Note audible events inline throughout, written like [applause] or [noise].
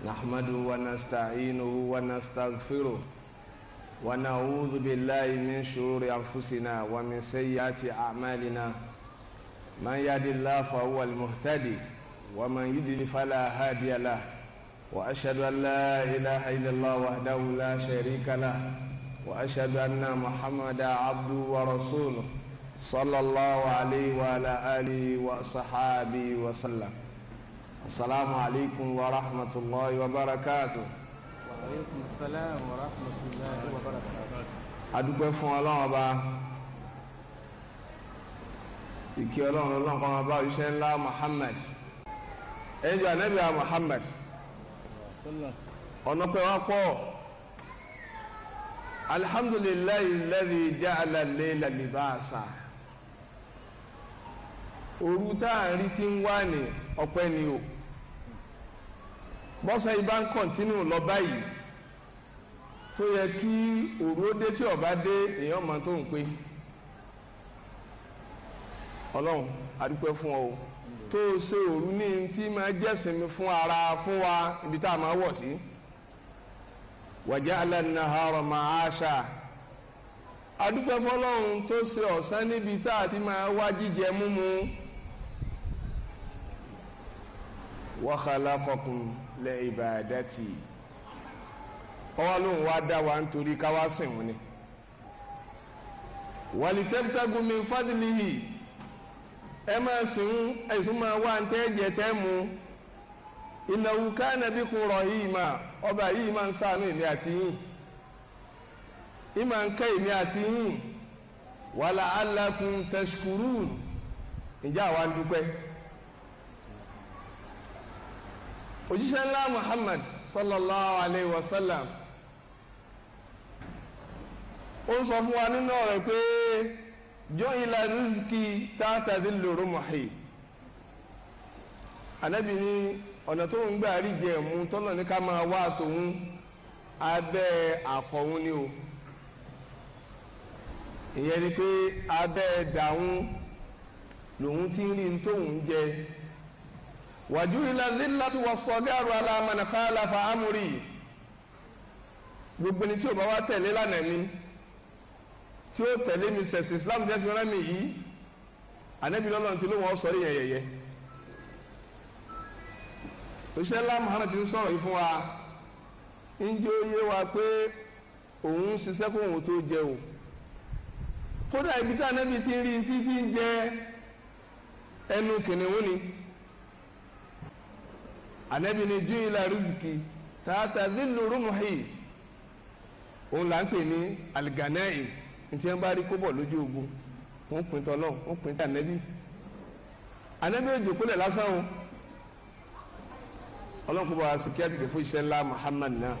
نحمده ونستعينه ونستغفره ونعوذ بالله من شرور أنفسنا ومن سيئات أعمالنا من يهد الله فهو المهتدي ومن يضلل فلا هادي له وأشهد أن لا إله إلا الله وحده لا شريك له وأشهد أن محمدا عبده ورسوله صلى الله عليه وعلى آله وصحابه وسلم السلام عليكم ورحمة الله وبركاته وعليكم السلام ورحمة الله وبركاته adúpẹ́ fún ọlọ́run ọba ìkí ọlọ́run ọlọ́run kan ọba òṣìṣẹ́ ńlá Muhammad ẹnjọ anabiya Muhammad ọ̀nà pẹ́ wá pọ̀ alhamdulillahi alladhi ja'ala al-layla libasa òru tá à ń rí ti ń wá nìyẹn. Ọpẹ ni o bọ́sẹ̀ ibà ń kọ̀ntínú lọ báyìí tó yẹ kí òru ó dé tí ọba dé èèyàn mọ tó ń pé ọlọ́run adúpẹ́ fún ọ o tó o ṣe òru ní tí máa jẹ́sìn mi fún ara fún wa ibi tá a máa wọ̀ sí wàjẹ́ alẹ́ nàhárọ̀ máa ṣá adúpẹ́ fọlọ́run tó ṣe ọ̀sán níbi tá a ti máa wá jíjẹ múmu. wa khalaqakum li ibadati ọwọ́ lóun wá dá wa nítorí káwá sìn wọn ni wàlítẹ́tẹ́gù min fadlihi ẹ máa sìn ẹ̀sùn máa wá ń tẹ́ jẹ tẹ́ mu innahu kana bikum rahima ọba yìí máa ń ṣàánú èmi àti yín ìmọ̀ ń kẹ́ èmi àti yín wa la'allakum tashkurun ǹjẹ́ àwa ń dúpẹ́. òjíṣẹ́ ńlá Muhammad sallallahu alayhi wa sallam ó sọ fún wa nínú ọ̀rọ̀ pé jo'ila rizki tahta dhilli rumhi ànábì ní ọ̀nà tó ń gbà rí jẹ mú tọ́nà ní ká máa wá tòun abẹ́ àkọ́hún ni o ìyẹn ni pé abẹ́ dàún lòun ti ń rí tóun jẹ wàjúwìlà zilatu wà sọgáàrú alámanà khalafa amúrì gbogbo ni tí o bá wá tẹ̀lé lánàá mi tí o tẹ̀lé mi sẹ̀sìn islam jẹ́ fi rán mi yìí anabi lọ́lọ́run ti ló wọ́n sọ rí yẹ̀yẹ̀yẹ́ òṣìṣẹ́ ńlá muhammed ti ń sọ̀rọ̀ yìí fún wa ń jẹ́ oyé wa pé òun ṣiṣẹ́ kó òun tó jẹ o kódà ibi tí anabi ti ń rí títí ń jẹ ẹnu kìnìún ni anabi ni ju ila riziki tata zilu rumuhi òun là ń pè ní alganaim ntí wọn bá rí kó bọ̀ lójú ogun wọn pin tọ́lọ́ wọn pin tí anabi anabi ojú kúlẹ̀ lásán o ọlọ́nkú bá wa sìkẹ́ fún iṣẹ́ ńlá muhammad náà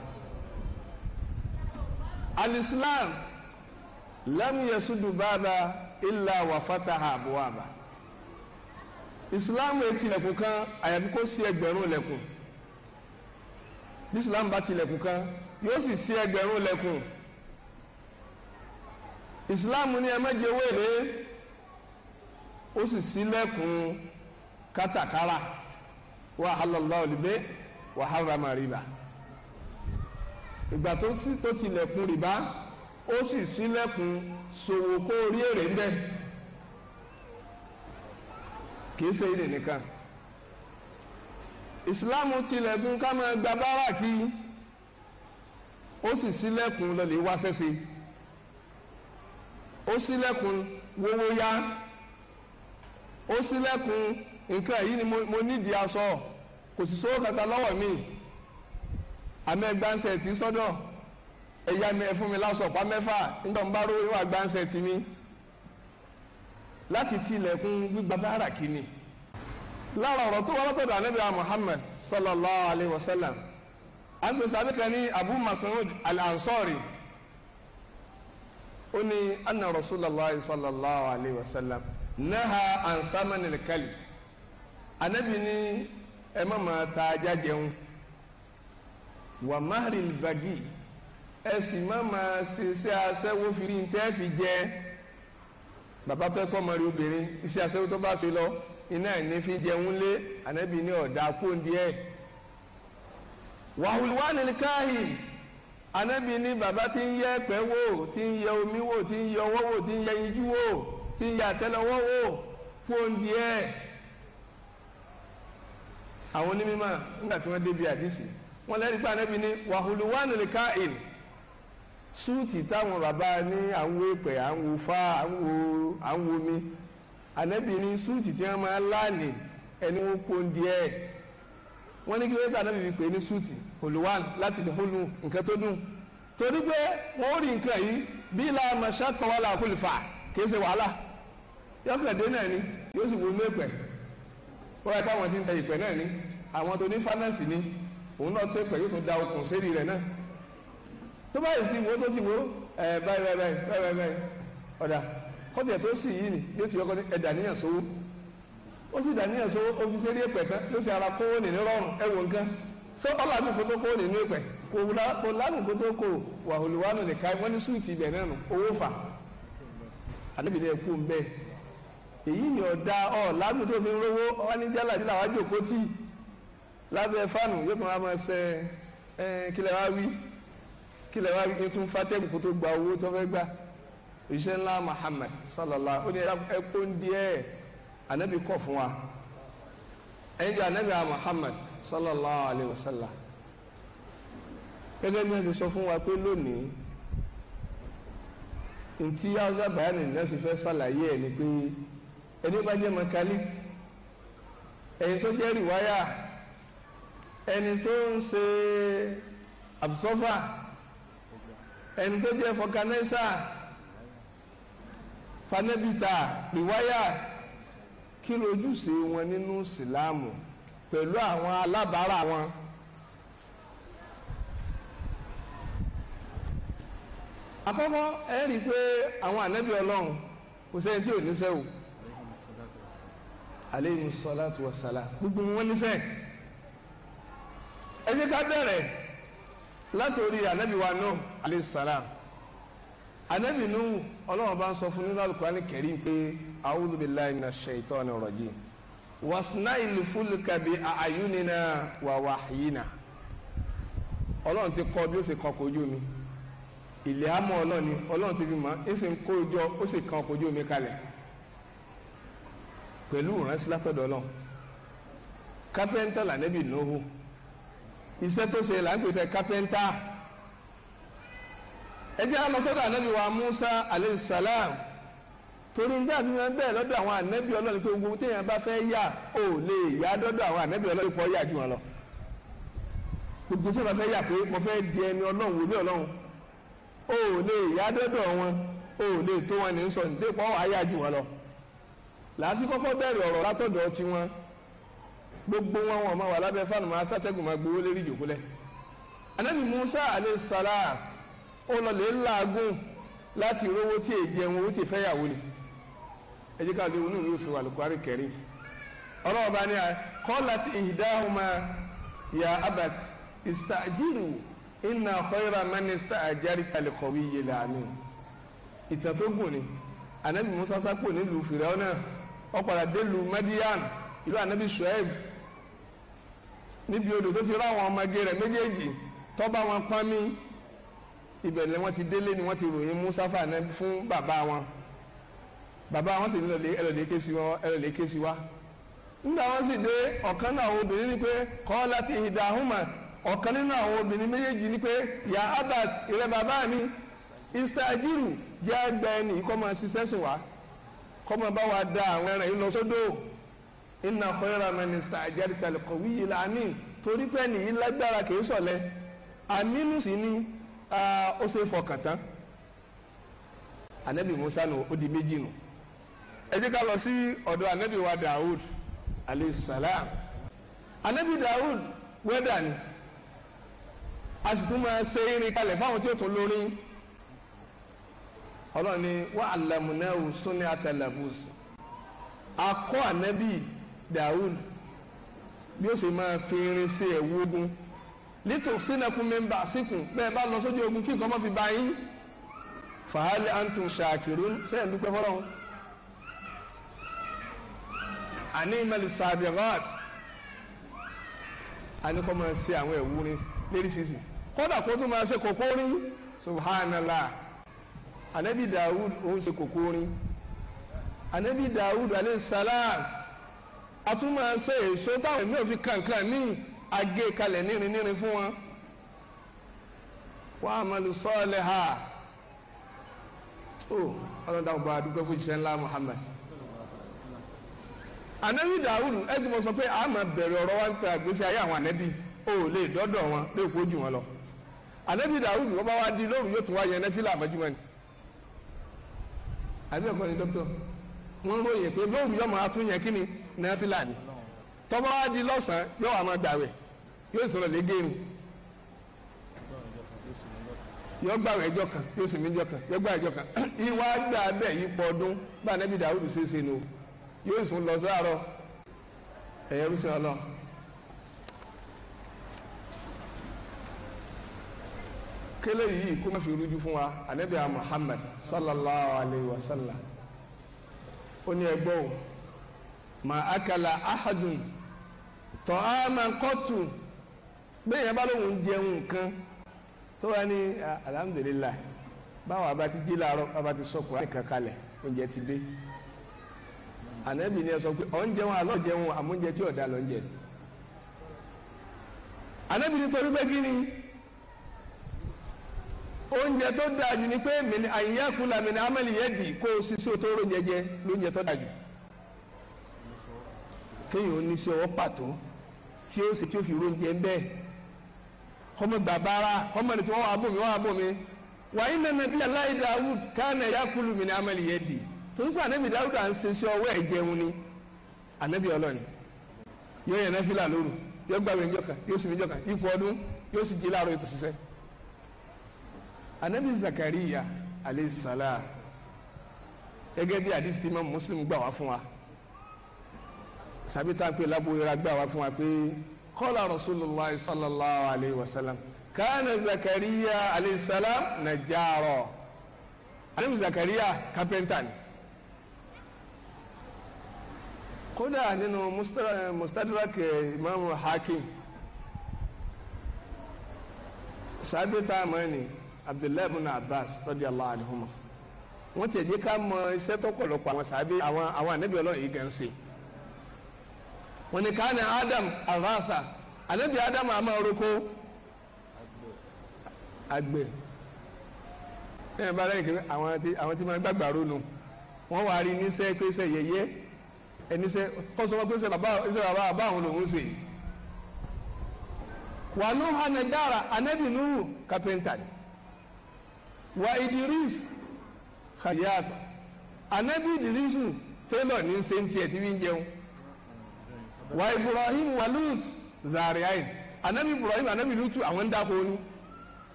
alislam lam yasudu baba illa wa fataha abuwaba. islam eti lẹkun kan ayabi ko si ẹgbẹrun lẹkun bí islam bá ti lẹkun si ẹgbẹrun lẹkun islam ni ẹ mẹje wéere ó sì si lẹkun katakara wàhálà allah olùgbé wàhálà ramà riba ìgbà tó ti lẹkun riba ó sì si lẹkun sowoko orí èrè ń kìí ṣe ilé nìkan ìsìláàmù tilẹ̀kùn ká máa gba báràkì ó sì sílẹ̀kùn lọ́lẹ̀ wá sẹ́sẹ́ ó sílẹ̀kùn wowó yá ó sílẹ̀kùn nǹkan yìí ni mo nídìí aṣọ kò sì sówó kankan lọ́wọ́ mi àmì ẹgbànsẹ̀ tí sọ́dọ̀ ẹ̀yà mi ẹ̀ fún mi lásọ̀ pa mẹ́fà nígbà mo bá rówó ìwà gbànsẹ̀ tì mí. láti tilẹ̀kùn gbígba báárà kínní lára ọ̀rọ̀ tó wà látọ̀dọ̀ ànábì Muhammad sallallahu alayhi wa sallam agbèsè abika ní Abu Mas'ud al-Ansari ó ní anna rasulallah sallallahu alayhi wa sallam naha an thamani al-kalb ànábì ní ẹ má máa ta ajá jẹun wà mahri bagi ẹ sì má máa ṣe ṣe aṣẹ́wó fi tẹ́ fi jẹ́ bàbá fẹ́ kọ́ ọmọ rẹ̀ obìnrin iṣẹ́ aṣẹ́wó tó bá ṣe lọ iná ẹ̀ ní fi jẹun lé ànábì ní ọ̀dà kóńdí ẹ̀. wàhùlùwánì káhìn ànábì ní bàbá tí ń yẹ ẹ̀pẹ́ wò tí ń yẹ omi wò tí ń yẹ ọwọ́ wò tí ń yẹ ijú wò tí ń yẹ àtẹ́lẹwọ́ wò kóńdí àwọn onímọ̀ nígbà tí wọ́n débi àdìsí wọ́n lẹ́rìí pé ànábì ní wàhùlùwánì káhìn súùtì táwọn bàbá ní àwọn èpè àwọn fa àwọn omi ànábì ní súùtì tí wọ́n máa ń láàlè ẹni wọ́n kó ń di ẹ̀ wọ́n ní kí wọ́n tà nábì fi pè ní súùtì olùwàn láti lè hólù nǹkan tó dùn torí pé wọ́n rí nǹkan yìí bí làmà ṣàkàn wà láàkó lè fà kì í ṣe wàhálà yọkàndé náà ni yóò sì wọnú èpè wọ́n rẹ̀ káwọn ti ń tẹ ìpè náà ni àwọn tó ní fánàsì ni òun náà tó èpè yóò tó da okùn sẹ́rí tó báyìí sí wo tó ti wo ẹ báyìí báyìí báyìí báyìí báyìí ọ̀dà kọ́tẹ̀ tó sì yìí ni yóò ti yọkọ ní ẹ̀dà níyàn sówó ó sì dà sówó ó fi tán ló sì ara kówó nì ní rọrùn ẹ̀wọ̀n nǹkan kówó ní kò wúlá kò lánàá wọ́n ní súwìtì ibẹ̀ náà nù owó fà ẹ̀ kú kí lè wá rí tún fátẹ́kù kó tó gba owó tó fẹ́ gbà òṣìṣẹ́ ńlá Muhammad sallallahu ó ní ẹkún díẹ̀ anabi kọ̀ fún wa ẹ̀yin jọ anabi Muhammad sallallahu alayhi wa sallam gẹ́gẹ́ bí wọ́n ti sọ fún wa pé lónìí ntí yáwùsá bàyánì náà fẹ́ ṣàlàyé ẹ̀ ni pé ẹni bá jẹ́ mẹkáníkì ẹni tó jẹ́ rìwáyà ẹni tó ń ṣe absorber ẹni tó jẹ́ fọkanáísà fanabita, rìwáyà kí lójúṣe wọn nínú ìsìláàmù pẹ̀lú àwọn alábàárà wọn. àkọ́kọ́ ẹ rí i pé àwọn ànábì ọlọ́run kò sẹ́yìn tí ò níṣẹ́ o aleyhi salatu wa salam gbogbo wọn níṣẹ́ ẹ jẹ́ ká bẹ̀rẹ̀. látòrí anabi wa nù alayhi salam anabi nù ọlọ́run bá ń sọ fún nínú alukurani kẹrin pé a'udhu billahi minash shaitani rajim wasna'il fulka bi a'yunina wa wahyina ọlọ́run ti kọ́ bí ó sì kọ́ kó ojú mi ilẹ̀ amọ̀ ọlọ́run ni ọlọ́run ti fi mọ̀ ẹ́ sì ń kó ojú ó sì kàn kó ojú mi kalẹ̀ pẹ̀lú ìránṣẹ́ látọ̀dọ̀ ọlọ́run kápẹ́ńtà lànàbì nùhù. No iṣẹ́ tó ṣe là ń pèsè kápẹ́ńtà ẹ jẹ́ alọ́sọ́dọ̀ ànábì wa Musa alayhi salam torí ń dáàbí wọn bẹ́ẹ̀ lọ́dọ̀ àwọn ànábì Ọlọ́run pé gbogbo téèyàn bá fẹ́ yà ó lè yà dọ́dọ̀ àwọn ànábì Ọlọ́run pọ̀ yà jù wọn lọ gbogbo téèyàn bá fẹ́ yà pé mo fẹ́ di ẹni Ọlọ́run wòlé Ọlọ́run ó lè yà dọ́dọ̀ wọn ó lè tó wọn ní sọ nídéèpọ̀ wàá yà jù wọn lọ làá fi kọ́kọ́ bẹ̀rẹ̀ ọ̀rọ̀ látọ̀dọ̀ tiwọn gbogbo wọn wọn ma wà lábẹ́ fáànù máa fẹ́tẹ́gùn máa gbowó lérí ìjòkúlẹ̀ anabi musa aleṣala ó lọlẹ̀ ńláàgùn láti rówó tí è jẹun owó tí è fẹ́yàwó ni ẹ ká lè wọnú ìwé òfin Al-Qur'an Karim ọlọ́wọ́ bá ní a qalat ihdahuma ya abat istajiru inna khayra man istajarta al-qawiyyil amin ìtàn tó gùn ni anabi musa sápò nílùú fìrẹ́ọ́nà ó padà délùú madian ìlú anabi suhaib níbi odò tó ti ráwọn ọmọge rẹ̀ méjèèjì tó bá wọn pọ́n mí ti délé ni wọ́n ti ròyìn Musa fàánà fún bàbá wọn bàbá wọn sì ní ẹlòdì ké sí wọn ẹlòdì ké sí wa nígbà wọn sì dé ọ̀kan náà àwọn obìnrin ni pé kọ́ láti ọ̀kan nínú àwọn obìnrin méjèèjì pé ya abat ìrẹ bàbá mi istajiru jẹ́ kọ́ ṣiṣẹ́ sùn wa da àwọn ẹran yìí lọ inna khayra man ista'jarta al-qawiyyil amin torí pé nìyí lágbára kìí sọ̀lẹ̀ aminu sì ni ó ṣe fọkàn tán anabi musa nù ó di méjì nù ẹ jẹ́ ká lọ sí ọ̀dọ̀ anabi wa dawud aleyhisalaam anabi dawud wẹ́dà ni a sì tún máa ṣe irin kalẹ̀ fáwọn tí ó tún lórí ọlọ́run ni wa allamunahu sunnata labus akọ́ anabi. Dawud bí ó sì máa fi irin ṣe ẹ̀wù ogun lítò sínẹkùn mẹmbà síkùn bẹ́ẹ̀ bá lọ sójú ogun kí nǹkan má fi bá yín fàhálì antum shakirun sẹ́yìn dúpẹ́ fọlọ́run àní mẹlẹ sàbíọ́t àní kọ́ máa ṣe àwọn ẹ̀wù ní léríṣiríṣi kódà kó tún máa ṣe kókó rí subhanallah anabi Dawud ó ń ṣe kókó rí anabi Dawud alayhi salam a tún máa ṣe èso táwọn èmi ò fi kankan ní agé kalẹ̀ nírin nírin fún wọn wọ́n á máa lù sọ́ọ̀lẹ̀ ha ó ọlọ́dà ọba àdúgbò fún ìṣẹ́ ńlá Muhammad anabi dawud ẹgbẹ́ sọ pé a máa bẹ̀rẹ̀ ọ̀rọ̀ wa ń pe àgbésí ayé àwọn anabi ó lè dọ́dọ̀ wọn lè kó jù wọn lọ anabi dawud wọ́n bá wá di lóru yóò tún wá yẹn nẹ́fílà àmọ́júmọ́ ni àbí ẹ̀kọ́ ni dókítà wọ́n ròyìn pé lóru yọ̀mọ̀ atún yẹn kí ni nàfìlà ni tọ́ba wa di lọ́sàn-án yóò wà máa gbàwẹ̀ yóò sọ̀rọ̀ lẹ́gẹ̀rin yóò gbàwẹ̀ ẹjọ́ kan yóò sì mí kan yóò gbàwẹ̀ ẹjọ́ kan [clears throat] ìwà gbà bẹ́ẹ̀ yí pọ̀ ọdún bá nẹ́bí dàwùdù ṣe é ṣe nù yóò sùn lọ ẹ̀yẹ kele yìí kó má fi rújú fún wa anabi sallallahu alayhi wa sallam ma akala ahadun tọ́ a máa kọ́tù gbẹ̀yìn bá lóun jẹun nǹkan tó wà ní ah, alhamdulilayi báwo a bá ti jí láàárọ̀ a bá ti sọ kura nìkan kalẹ̀ oúnjẹ ti dé ànábì ni ẹ sọ pé ọ̀ ń jẹun àlọ́ jẹun àmúnjẹ tí ọ̀dà lọ ń jẹ ànábì ni torí pé kí ni oúnjẹ tó dáa jù ni pé àyíyá kula mi ni amẹ́lì yẹ́ di kó o sì sí o tó rò jẹjẹ lóúnjẹ tó dáa jù kéèyàn ó ní sí ọwọ́ pàtó tí ó sì tí ó fi róúnjẹ ń bẹ́ẹ̀ kọ́mọ gbàbára kọ́mọ ní tí wọ́n wà bò mí wọ́n wà bò mí wà á iná nàbí aláì dawud káànà ẹ̀yà kúlù mí ní amẹ́lì yẹn dì torí pé ànábì dawud à ń ṣe sí ọwọ́ ẹ̀ ni ànábì ọlọ́ni yóò yẹn náà fílà lóru yóò gbàgbé njọ́ka yóò sì njọ́ka ipò ọdún yóò sì jí láàárọ̀ ètò ṣiṣẹ́ ànábì zakariya alayhi salam gẹ́gẹ́ bí àdìsí Muslim gbà wá fún wa sàbí tá a pè lábò ìra gbà wá fún wa pé kọ́lá rasulillah sallallahu alayhi wa sallam kánà zakariya alayhi salam najjara alayhi zakariya kápẹ́ntà ni. kódà nínú mustadrak eh, imam hakim sábẹ́tà mọ́ni abdullahi ibn abbas radiyallahu anhuma wọ́n ti ẹ̀jẹ̀ ká mọ iṣẹ́ tó pọ̀lọpọ̀ àwọn sábẹ́ àwọn àwọn ànábì Ọlọ́run yìí gan ṣe wọ́n ní kánà adam arasa anabi adam àmà orúkọ àgbẹ̀ ẹ̀yìn bá lẹ́yìn kiri àwọn tí máa gbàgbà rónú wọ́n wà á rí níṣẹ́ pèsè yẹyẹ ẹnisẹ́ kọ́sọ́mọ́ pèsè bàbá bàbá àwọn lòún ṣe wà nùhà nàìjára anabi nuhu kápẹ́ntà ni wa Idris kàdíyàtọ̀ anabi Idrisu tẹ́lọ̀ ní sẹ́ńtì ẹ̀ tí wọ́n ń jẹun wa ibrahim wa lut zariain anabi ibrahim anabi lutu àwọn dako ni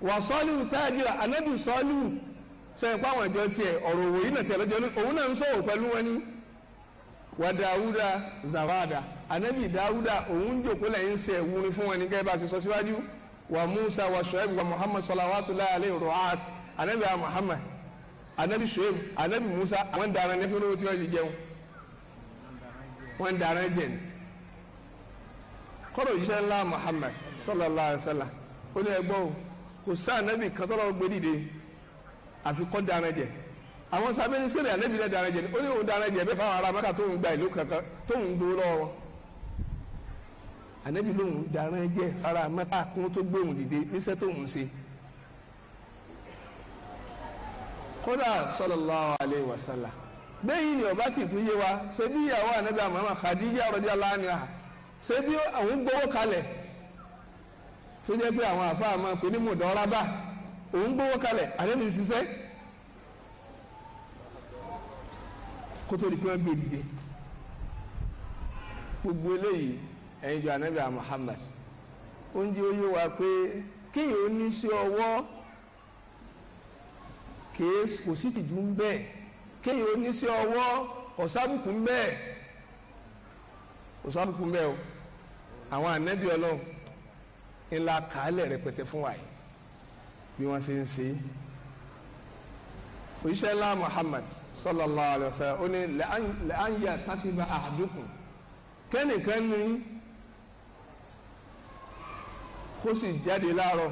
wa sọlihu tajira anabi sọlihu sẹyìnpá àwọn ìjọ tiẹ̀ ọ̀rọ̀ òwò yìí nàtẹ lọ́jọ́ òun náà ń sọ̀rọ̀ pẹ̀lú wọn ni wa dawuda zawada anabi dawuda òun jòkó lẹ́yìn sẹ wúrin fún wọn ni kẹ bá a ti sọ síwájú wa musa wa shuaib wa muhammad salawatullahi alayhi ru'at anabi wa muhammad anabi shuaib anabi musa àwọn dara nẹfẹ olówó tí wọn ti jẹun wọn dara jẹ kọ́rọ̀ òjíṣẹ́ ńlá Muhammad sallallahu alayhi wa sallam ó ní ẹgbọ́ o kò sá ànábì kan tọ́lọ́ gbé dìde àfikọ́ dáná jẹ àwọn sábẹ́ ní sẹ́lẹ̀ ànábì náà dáná jẹ ó ní òun dáná jẹ bẹ́ẹ̀ fáwọn ará Mẹ́kà tó ń gba ìlú kankan tó ń gbó lọ́wọ́ ànábì lòun dáná jẹ ará Mẹ́kà kún tó gbé òun dìde níṣẹ́ tó ń ṣe kódà sallallahu alayhi wa sallam bẹ́ẹ̀ yìí ni ọba ti tún yé wa ṣe bí ìyàwó ànábì àmọ́ Khadija ṣé bí àwọn gbowó kalẹ̀ tó jẹ́ pé àwọn àfa àmọ́ pé ní mùdọ́rábà òun gbowó kalẹ̀ àdébí ṣiṣẹ́ kó tó di pé wọ́n gbé dìde gbogbo eléyìí ẹ̀yin jọ anabi Muhammad ó oyé wa pé kéèyàn oníṣẹ́ ọwọ́ kò sí tìjú ń bẹ́ẹ̀ kéèyàn oníṣẹ́ ọwọ́ ọ̀sábùkù ń bẹ́ẹ̀ ń o. àwọn ànábì ọlọ́run ńlá kàálẹ̀ rẹpẹtẹ fún wa yìí bí wọ́n ṣe ń ṣe òṣìṣẹ́ ńlá Muhammad sallallahu alayhi wa sallam ó ní lẹ́ànyà tàtìbà ahadukum kẹ́nìkan ní kó sì jáde láàárọ̀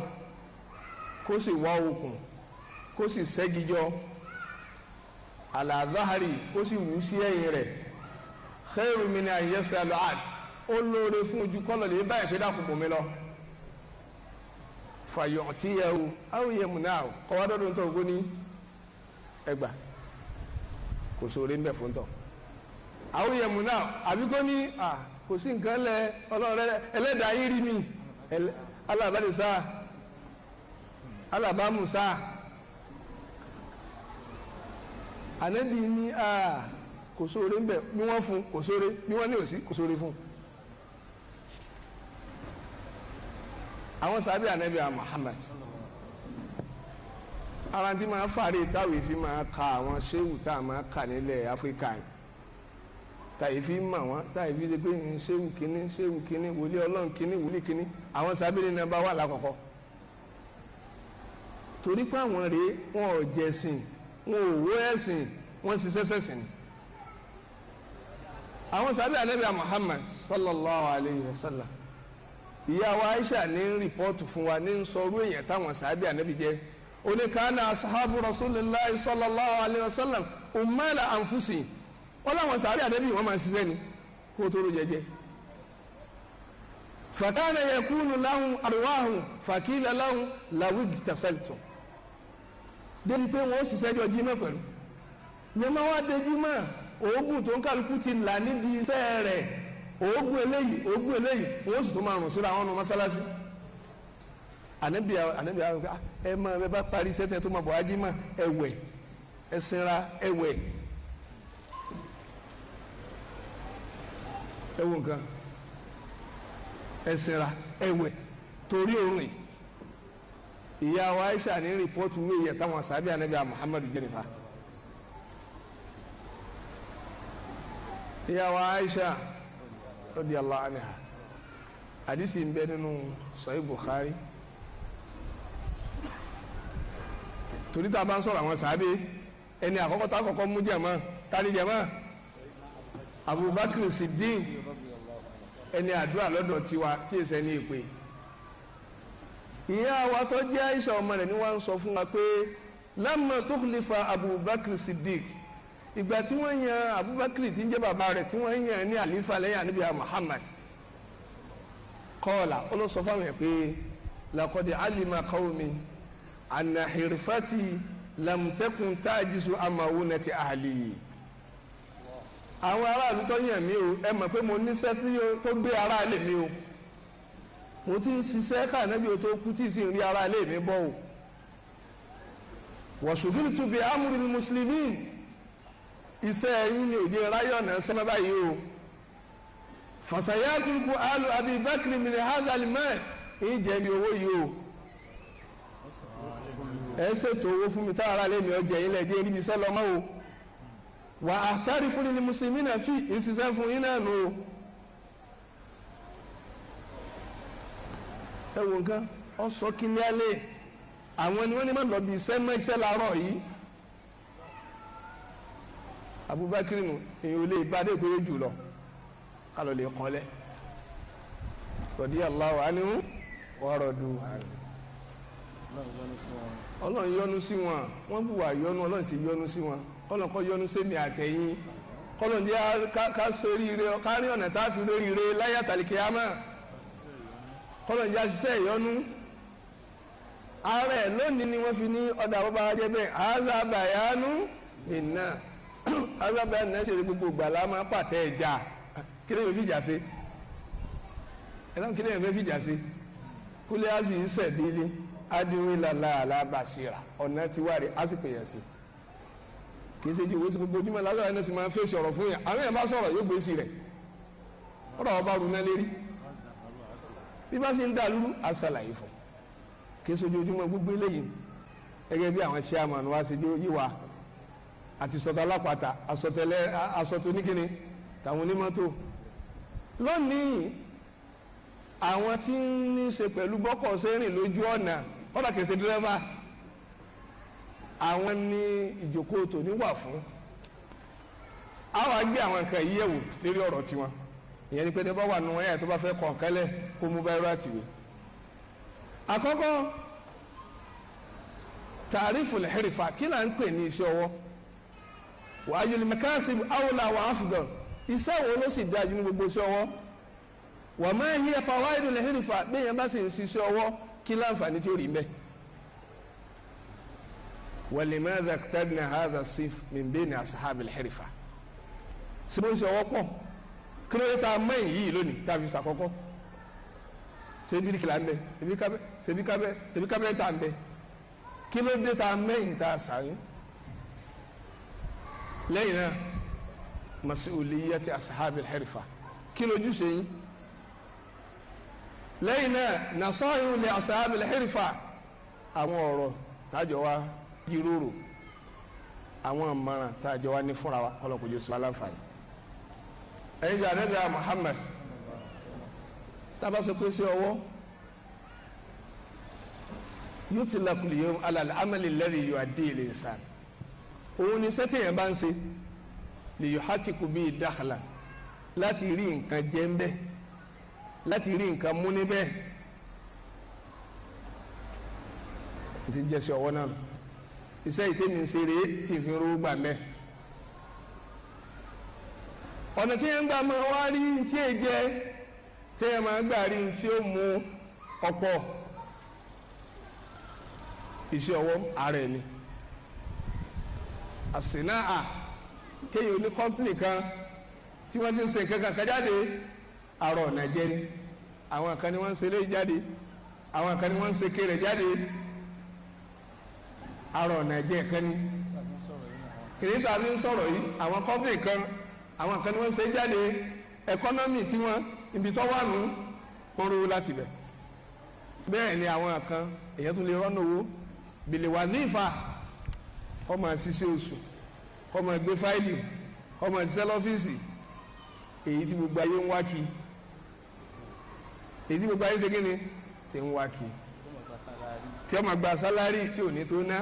kó sì wá okùn kó sì ṣẹ́gijọ́ àlàáfáàrí kó sì wù sí ẹ̀yìn rẹ̀ khairu min an ó lóore fún ojú kọ́lọ̀ lè báyìí pé dàpọ̀ mi lọ fàyọ̀ tí yẹ o àwọn yẹ mu náà kọ́ wá dọ́dún tó gbóni ẹgbà kò sóore ń bẹ̀ fún tọ̀ àwọn yẹ mu náà àbí kò ní à kò sí nǹkan lẹ ọlọ́run ẹlẹ́dàá yìí rí mi alábàdì sáà alábàámu sáà ànábì ní à kò sóore ń bẹ̀ bí wọ́n fún kò sóore bí wọ́n ní òsí kò sóore fún àwọn sábẹ anabi Muhammad ara tí máa fàárẹ̀ táwọn ìfi máa ka àwọn ṣéwù tá a máa kà nílẹ̀ Áfíríkà yìí táyì fi mà wọn táyì fi ṣe pé ń ṣéwù kínní ṣéwù kínní wòlé ọlọ́run kínní wòlé kínní àwọn sábẹ́lẹ̀ náà bá wà lákọ̀ọ́kọ́ torí pé àwọn rèé wọn ò jẹ̀sìn wọn ò wó ẹ̀sìn wọn ṣiṣẹ́ sẹ́sìn ni àwọn sábẹ́ anabi Muhammad sallallahu alayhi wa sallam ìyá wa Aisha ní rìpọ́tù fún wa ní sọrú èèyàn táwọn sàábì ànábì jẹ́ oníkànnà asahabu rasulillah sallallahu alayhi wa sallam umala anfusi wọn ànábì wọn máa ń ṣiṣẹ́ ni kó tó rò jẹjẹ fakana yakunu lahum arwahum fakila lahum lawig tasaltu débi pé wọn ṣiṣẹ́ jọ jímọ̀ pẹ̀lú yẹn máa wá dé jímọ̀ oògùn tó ń kálukú ti là oògùn eléyìí oògùn eléyìí wọ́n sì tún máa rùn síra àwọn ọmọ mọ́sálásí ànábì ànábì àwọn ah, ẹ máa ẹ bá parí sẹ́tẹ̀ tó máa bọ̀ ájí mà ẹ̀wẹ̀ ẹ sinra ẹ̀wẹ̀ ẹ wo nǹkan ẹ sinra ẹ̀wẹ̀ torí òórùn yìí ìyá wa Aisha ní rìpọ́tù wíyẹ táwọn sábì ànábì Muhammadu jẹ́nìfà ìyá wa Aisha radiyallahu anha hadisi ń bẹ nínú sahih bukhari torí tá a bá ń sọ̀rọ̀ àwọn sàábé ẹni àkọ́kọ́ tá a kọ́kọ́ mú jẹ̀mọ́ tani abubakar siddiq ẹni adua lọ́dọ̀ tiwa tí èsì ẹni èpè ìyá wa tó jẹ́ àìsàn ọmọ rẹ̀ ni wọ́n ń sọ fún wa pé lamma tukhlifa abubakar siddiq ìgbà tí wọ́n yan Abubakar tí ń jẹ́ bàbá rẹ̀ tí wọ́n yan ní àlífà lẹ́yìn ànábì Muhammad kọ́ọ̀là ó ló sọ fáwọn yẹn pé làkọ́dẹ̀ alima kawmi anna hirfati lamtẹ́kun táàjìsù amáwó náà ti àhàlì yìí àwọn aráàlú tó yàn mí o ẹ mọ̀ pé mo níṣẹ́ tó gbé aráàlú mi o mo ti ń ṣiṣẹ́ káànábì o tó kú tí ì sì ń rí aráàlú mi bọ́ o wọ̀ṣùgìrì tó bi amúrin mùsùlùmí iṣẹ́ yín ni òde ráyọ̀nà sẹ́mẹ́ báyìí o fàṣàyàtúkú alu abibakiri mìíràn hàdàlímẹ́ ń jẹ̀bi owó yìí o ẹ ṣètò owó fún mi táwọn aráàlú mi ọjà yín lẹ́jẹ́ níbi iṣẹ́ lọ́mọ́ o wà á tẹ́rì fún ni mùsùlùmí náà fi ìṣiṣẹ́ fún yín náà nù o ẹ wò nǹkan ọ sọ kí ní alẹ́ àwọn ni wọ́n ní má lọ bí iṣẹ́ mọ́ iṣẹ́ làárọ̀ yìí. abubakar nù èyàn ò lè bá dé péré jù lọ ká lè ọrọdụ radiyallahu anhu wa ọlọ́run sí wọn wọ́n bùwà ọlọ́run sì sí wọn ọlọ́run kọ́ yọ́nú sẹ́mi àtẹ̀yìn jẹ́ ká ire ká rí ọ̀nà fi lórí ire jẹ́ àṣìṣe ààrẹ lónìí ni wọ́n fi ní ọ̀dà alábẹ́ ànáṣe gbogbo gbàlá máa pàtẹ ẹja kí lè fi ìjà ṣe ẹlẹ́wọ̀n kí lè fẹ́ fi ìjà ṣe kúlẹ̀ àṣì ìṣẹ̀bílẹ̀ adéwé làlá alábàṣírà ọ̀nà ti wárí àsìkò yẹn sí kì í ṣe ju ìwé sí gbogbo ojúmọ̀ lásán ẹni sì máa ń fèsì ọ̀rọ̀ fún yẹn àwọn yẹn bá sọ̀rọ̀ yóò gbé sí rẹ̀ ọ̀rọ̀ ọba runá lérí bí bá ṣe ń dà lúrú àṣàlàyé fún kì í ṣe ojoojúmọ́ gbogbo eléyìí gẹ́gẹ́ bí àwọn ṣe àmọ̀ wa ṣe yí wa àti sọ̀tà alápàtà asọ̀tẹ̀lẹ̀ asọ̀tò oníkíni tàwọn onímọ́tò lónìí àwọn tí ń ní ṣe pẹ̀lú bọ́kọ̀ sẹ́rìn lójú ọ̀nà ọ̀dà kẹsẹ̀ dírẹ́fà àwọn ní ìjókòó tòní wà fún a wá gbé àwọn nǹkan yìí yẹ̀wò lérí ọ̀rọ̀ tiwọn ìyẹn ni pé ní bá wà nù ẹ̀yà tó bá fẹ́ kàn kẹ́lẹ́ kó mú báyìí rà tìwé àkọ́kọ́ tààrífù lẹ́hìrìfà kí là ń pè ní iṣẹ́ ọwọ́ wà á yọlẹ̀ mẹ́kánsì awla wà á fìdọ̀ iṣẹ́ wo ló sì dáa ju ní gbogbo iṣẹ́ ọwọ́ wà má yí ẹ̀fà wá ìdùn lẹ́hìn ìfà bẹ́ẹ̀yẹn bá sì ń ṣiṣẹ́ ọwọ́ kí láǹfààní tí ó rí mbẹ́. wàlímẹ́dà tẹ́lẹ̀ hàdà sí mìíràn ní asahabi lẹ́hìnrìfà síbò ń ṣe ọwọ́ pọ̀ kí ló dé mẹ́yìn yìí lónìí tá a fi ṣàkọ́kọ́ sebi ń bẹ sebi kabẹ sebi kabẹ sebi kabẹ ta ń bẹ kí ló dé tá mẹ́yìn tá sàn yìí lẹ́yìn náà masuuliyati asahabi harifa kí lójúṣe yín lẹ́yìn náà nasọ́yìn lè asahabi harifa àwọn ọ̀rọ̀ tájọ wa jíròrò àwọn àmọ̀ràn tájọ wa ní fúnra wa kọ́lọ́kù jésù aláǹfààní ẹ̀yin jẹ́ anábìá muhammad tábàsọ pé sí ọwọ́ yóò ti lakùlù yẹn alàlámẹ́lì lẹ́rìí yóò adé ilé nsàlẹ̀ òun ni sẹ́tìyàn bá ń ṣe lè yọ hákìkù bíi dàkàlà láti rí nǹkan jẹ ń bẹ̀ láti rí nǹkan mú níbẹ̀ ti jẹ́ sí ọwọ́ náà iṣẹ́ ìtẹ́mi ń ṣe fi rówó gbà mẹ́ ọ̀nà tí yẹn ń gbà máa wá rí tí yẹn jẹ tí yẹn máa gbà rí tí ó mu ọ̀pọ̀ iṣẹ́ ọwọ́ ara ẹni àsìnáà kéèyàn ní kọ́mpìnì kan tí wọ́n ti ń ṣe nǹkan kan jáde àrò ọ̀nà jẹ́ ni àwọn kan ni wọ́n ń ṣe eléyìí jáde àwọn kan ni wọ́n ń ṣe kéré jáde àrò ọ̀nà jẹ́ kan ni kìrìtà ní sọ̀rọ̀ yìí àwọn kọ́mpìnì kan àwọn kan ni wọ́n ń ṣe jáde ẹkọ́nọ́mì tí wọ́n ibi tó wà nù wọ́n rówó láti bẹ̀ bẹ́ẹ̀ ni àwọn kan èyàn tún lè rọ́nà owó bìlẹ̀ wà ní ìfà kọ́ máa ṣiṣẹ́ oṣù kọ́ máa gbé fáìlì kọ́ máa ṣiṣẹ́ lọ́fíìsì èyí tí gbogbo ayé ń wá kí èyí tí gbogbo ayé ṣe kí ni tí ń wá kí tí ó máa gba sálárì tí ò ní tó ná.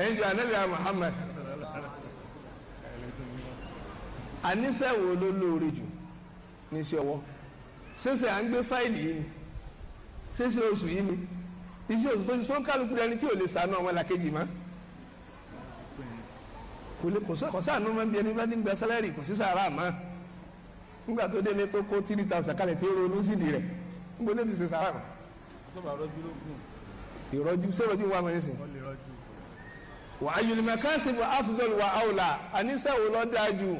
ẹ̀yin jọ anabiya Muhammad àníṣe wo ló lóore jù ní sí ọwọ́ ṣẹṣẹ à ń gbé fáìlì yìí ni ṣẹṣẹ oṣù yìí ni iṣẹ́ òṣù tó ṣe sọ́ńkàlùkù rẹ ni tí ò lè sànú ọmọ làkejì mọ́ kò lè kò sànú mọ́ bí ẹni bá ti ń gba sálárì kò sí sàrà mọ́ nígbà tó délé tó kó tírì tàṣà kalẹ̀ tí ó ronú sí ìdí rẹ̀ níbo ló ti ṣe sàrà mọ́. ìrọ́jú sẹ́rọ̀jú wà mọ́ nísìn. wà á yùlùmọ̀ káàsì bọ̀ afdol wà áwùlà àníṣe wò lọ́ dáa ju.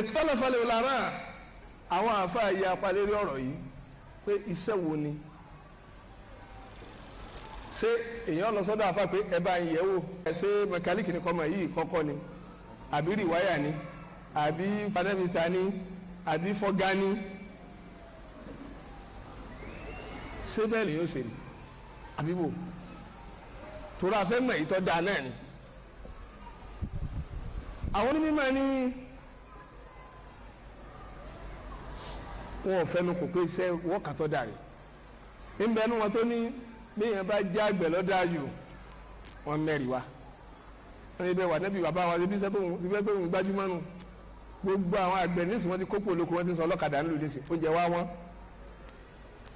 ìtọ́lọ̀fọ́lẹ̀ wò lára àwọn àáfàá yà apalẹ́rẹ́ ọ̀rọ̀ yìí pé iṣẹ́ wo ni ṣé èèyàn lọ sọ́dọ̀ àfa pé ẹ bá ń yẹ̀ wò ẹ ṣe mẹkáníìkì ni kọ́mọ yìí kọ́kọ́ ni àbí rìwáyà ni àbí fanẹ́mìta ni àbí fọ́gá ni ṣé bẹ́ẹ̀ ni yóò ṣe ni àbí wò tora fẹ́ mọ̀ ìtọ́ da náà ni àwọn onímọ̀ ni wọn ò fẹnu kò pé iṣẹ́ wọ́ọ̀kà tó dà rẹ̀ ń bẹ́ẹ̀ ni wọn tó ní bẹ́ẹ̀ bá jẹ́ àgbẹ̀ lọ́dà jù wọ́n mẹ́rin wa wọ́n ibẹ̀ wà nẹ́bí bàbá wa ibi iṣẹ́ tó ti fẹ́ pé òun gbajúmọ́ nù gbogbo àwọn àgbẹ̀ nísìnyí wọ́n ti kókò olóko wọ́n ti sọ ọlọ́kadà ńlò nísìnyí oúnjẹ wá wọ́n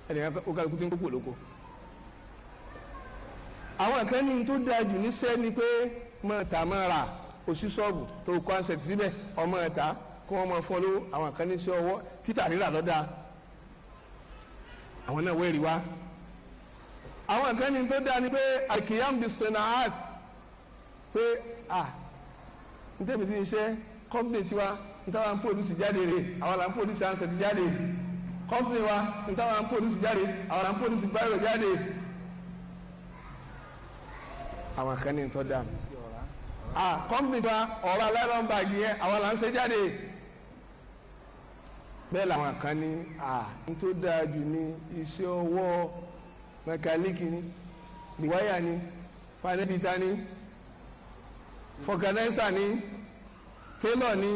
ẹnìyàn ó kálukú ti ń kókò olóko. àwọn kan ní tó dáa jù níṣẹ́ ni pé mọ̀ ta mọ̀ ra oṣù ṣọ́ọ̀bù tó kọ́ ansẹ̀tì síbẹ̀ ọmọ ẹ̀ta kó wọ́n máa fọ́ lówó àwọn kan níṣẹ́ ọwọ́ títà rírà lọ́dà àwọn náà wẹ́rì wá àwọn kan ní tó dáa ni pé àkìyàm bí sinaat pé à ní tẹ́mi ti ń company kọ́mpìnì tiwa ní táwọn pòlùsì jáde rè àwọn làwọn pòlùsì ànsẹ̀ ti jáde kọ́mpìnì wa ní táwọn pòlùsì jáde àwọn làwọn pòlùsì báyọ̀ jáde àwọn kan ní tó dáa à kọ́mpìnì tiwa ọ̀rọ̀ aláìlọ́n báàgì yẹn àwọn là ń jáde bẹ́ẹ̀ làwọn kan ní à ní tó dáa jù ní iṣẹ́ ọwọ́ mẹkálíkì ni rìwáyà ni panẹ́bìtà ni fọkànáísà ni télọ̀ ni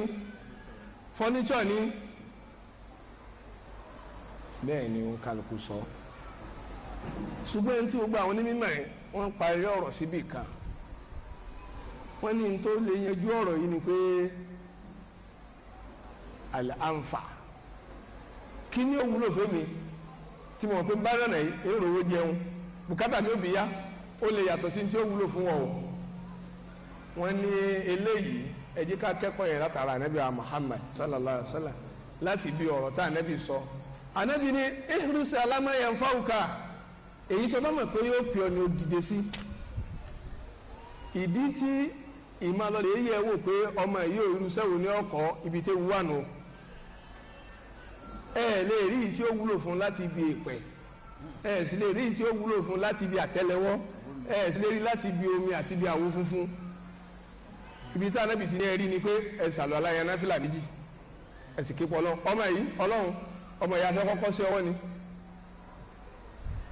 fọ́níṣọ̀ ni bẹ́ẹ̀ ni wọn kálukú sọ ṣùgbọ́n tí gbogbo àwọn onímọ̀ ẹ̀ wọ́n parí ọ̀rọ̀ síbì kan wọ́n ní tó lè yanjú ọ̀rọ̀ yìí ni pé àlàǹfà kí ni ó fún mi. tí mo mọ̀ pé báyọ̀ náà èrò owó jẹun bùkátà mi ò bí yá ó lè yàtọ̀ sí tí ó wúlò fún wọn o wọn ní eléyìí ẹ ká kẹ́kọ̀ọ́ yẹn látara anabi Muhammad sallallahu alaihi wa sallam láti bí tá anabi sọ anabi ni ó dìde sí ìdí tí ìmọ̀ lọ́lẹ̀ yẹ wò pé ọmọ ibi tẹ́ ẹ lè rí tí ó wúlò fún láti ibi èpẹ̀ ẹ sì lè rí tí ó wúlò fún láti ibi àtẹ́lẹwọ́ ẹ sì lè rí láti ibi omi àti ibi àwo funfun ibi tí anábì ti ní ẹ rí ni pé ẹ sàlọ aláya náfìlà méjì ẹ sì ké pọ Ọlọ́run ọmọ yìí Ọlọ́run ọmọ ìyá fẹ́ kọ́kọ́ sí ọwọ́ ni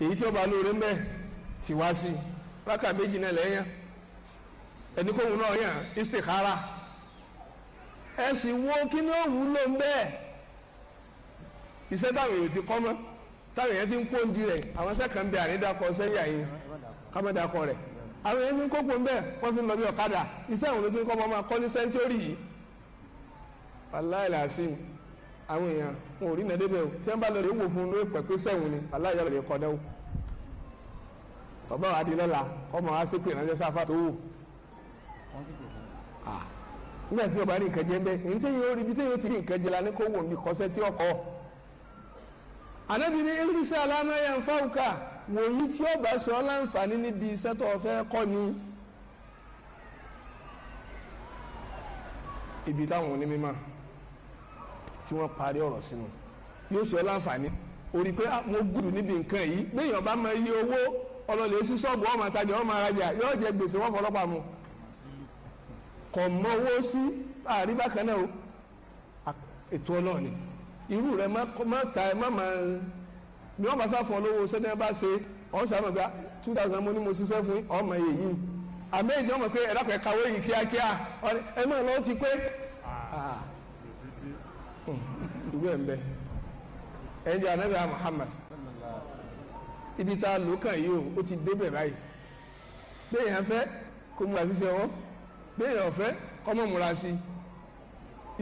èyí tí ọba lóore mbẹ ti wá sí rákà méjì náà lẹ́yìn ẹni kóhun náà yàn istikhara ẹ sì wo kí ni ó wúlò mbẹ́ẹ̀ iṣẹ́ táwọn èèyàn ti kọ́ mọ́ táwọn èèyàn ti ń pòǹdì rẹ̀ àwọn iṣẹ́ kan bẹ àrídàkọ sẹ́yìn àyè kámẹ́dàkọ rẹ̀ àwọn èèyàn ti ń kókò ń bẹ̀ wọ́n fi ń lọ bí ọ̀kadà iṣẹ́ àwọn olóṣèlú kọ́ mọ́ máa kọ́ ní sẹ́ńtórì yìí aláìláṣìí àwọn èèyàn wọn ò rí iná débẹ̀ o tí wọ́n bá lọ rè wò fún un ló pẹ̀ pé sẹ́wọ̀n ni aláìyá lè kọ́ dẹ́wò bàbá wa di lọ́la ọmọ wa ṣépè ránṣẹ́ sáfà tó wò nígbà tí ọba ànábì ní irisa alámáyà ń fáwùkà wòyí tí ó bá ṣe ọ́ láǹfààní níbi iṣẹ́ tó o fẹ́ kọ́ ni. ibi táwọn onímọ̀ tí wọ́n parí ọ̀rọ̀ sínú yóò ṣe ọ́ láǹfààní orí pé ah, mo gbùdù níbi nǹkan yìí béèyàn máa yí owó ọlọ́lẹ̀ sí ṣọ́ọ̀bù ọmọ àtàjà ọmọ arajà yóò jẹ gbèsè fọlọ́pàá mu kọ̀ mọ́ owó sí irú rẹ má ta ẹ má má bí wọ́n bá sá fún ọ lówó sẹ́ni ẹ bá ṣe ọ̀hún sábà gba two thousand mo ní mo ṣiṣẹ́ fún ọmọ yìí yìí àmì èyí ọmọ pé ẹ dákọ̀ ẹ kàwé yìí kíákíá ẹ má lọ́ọ́ ti pé ìwé ah. hmm. ẹ̀ ń bẹ ẹ̀ ń jẹ́ anabi Muhammad ibi tá a lò kàn yìí o ó ti débẹ̀ báyìí bẹ́ẹ̀ yẹn fẹ́ kó múra sí sẹ́wọ́ bẹ́ẹ̀ yẹn ọ̀fẹ́ kọ́mọ́ múra sí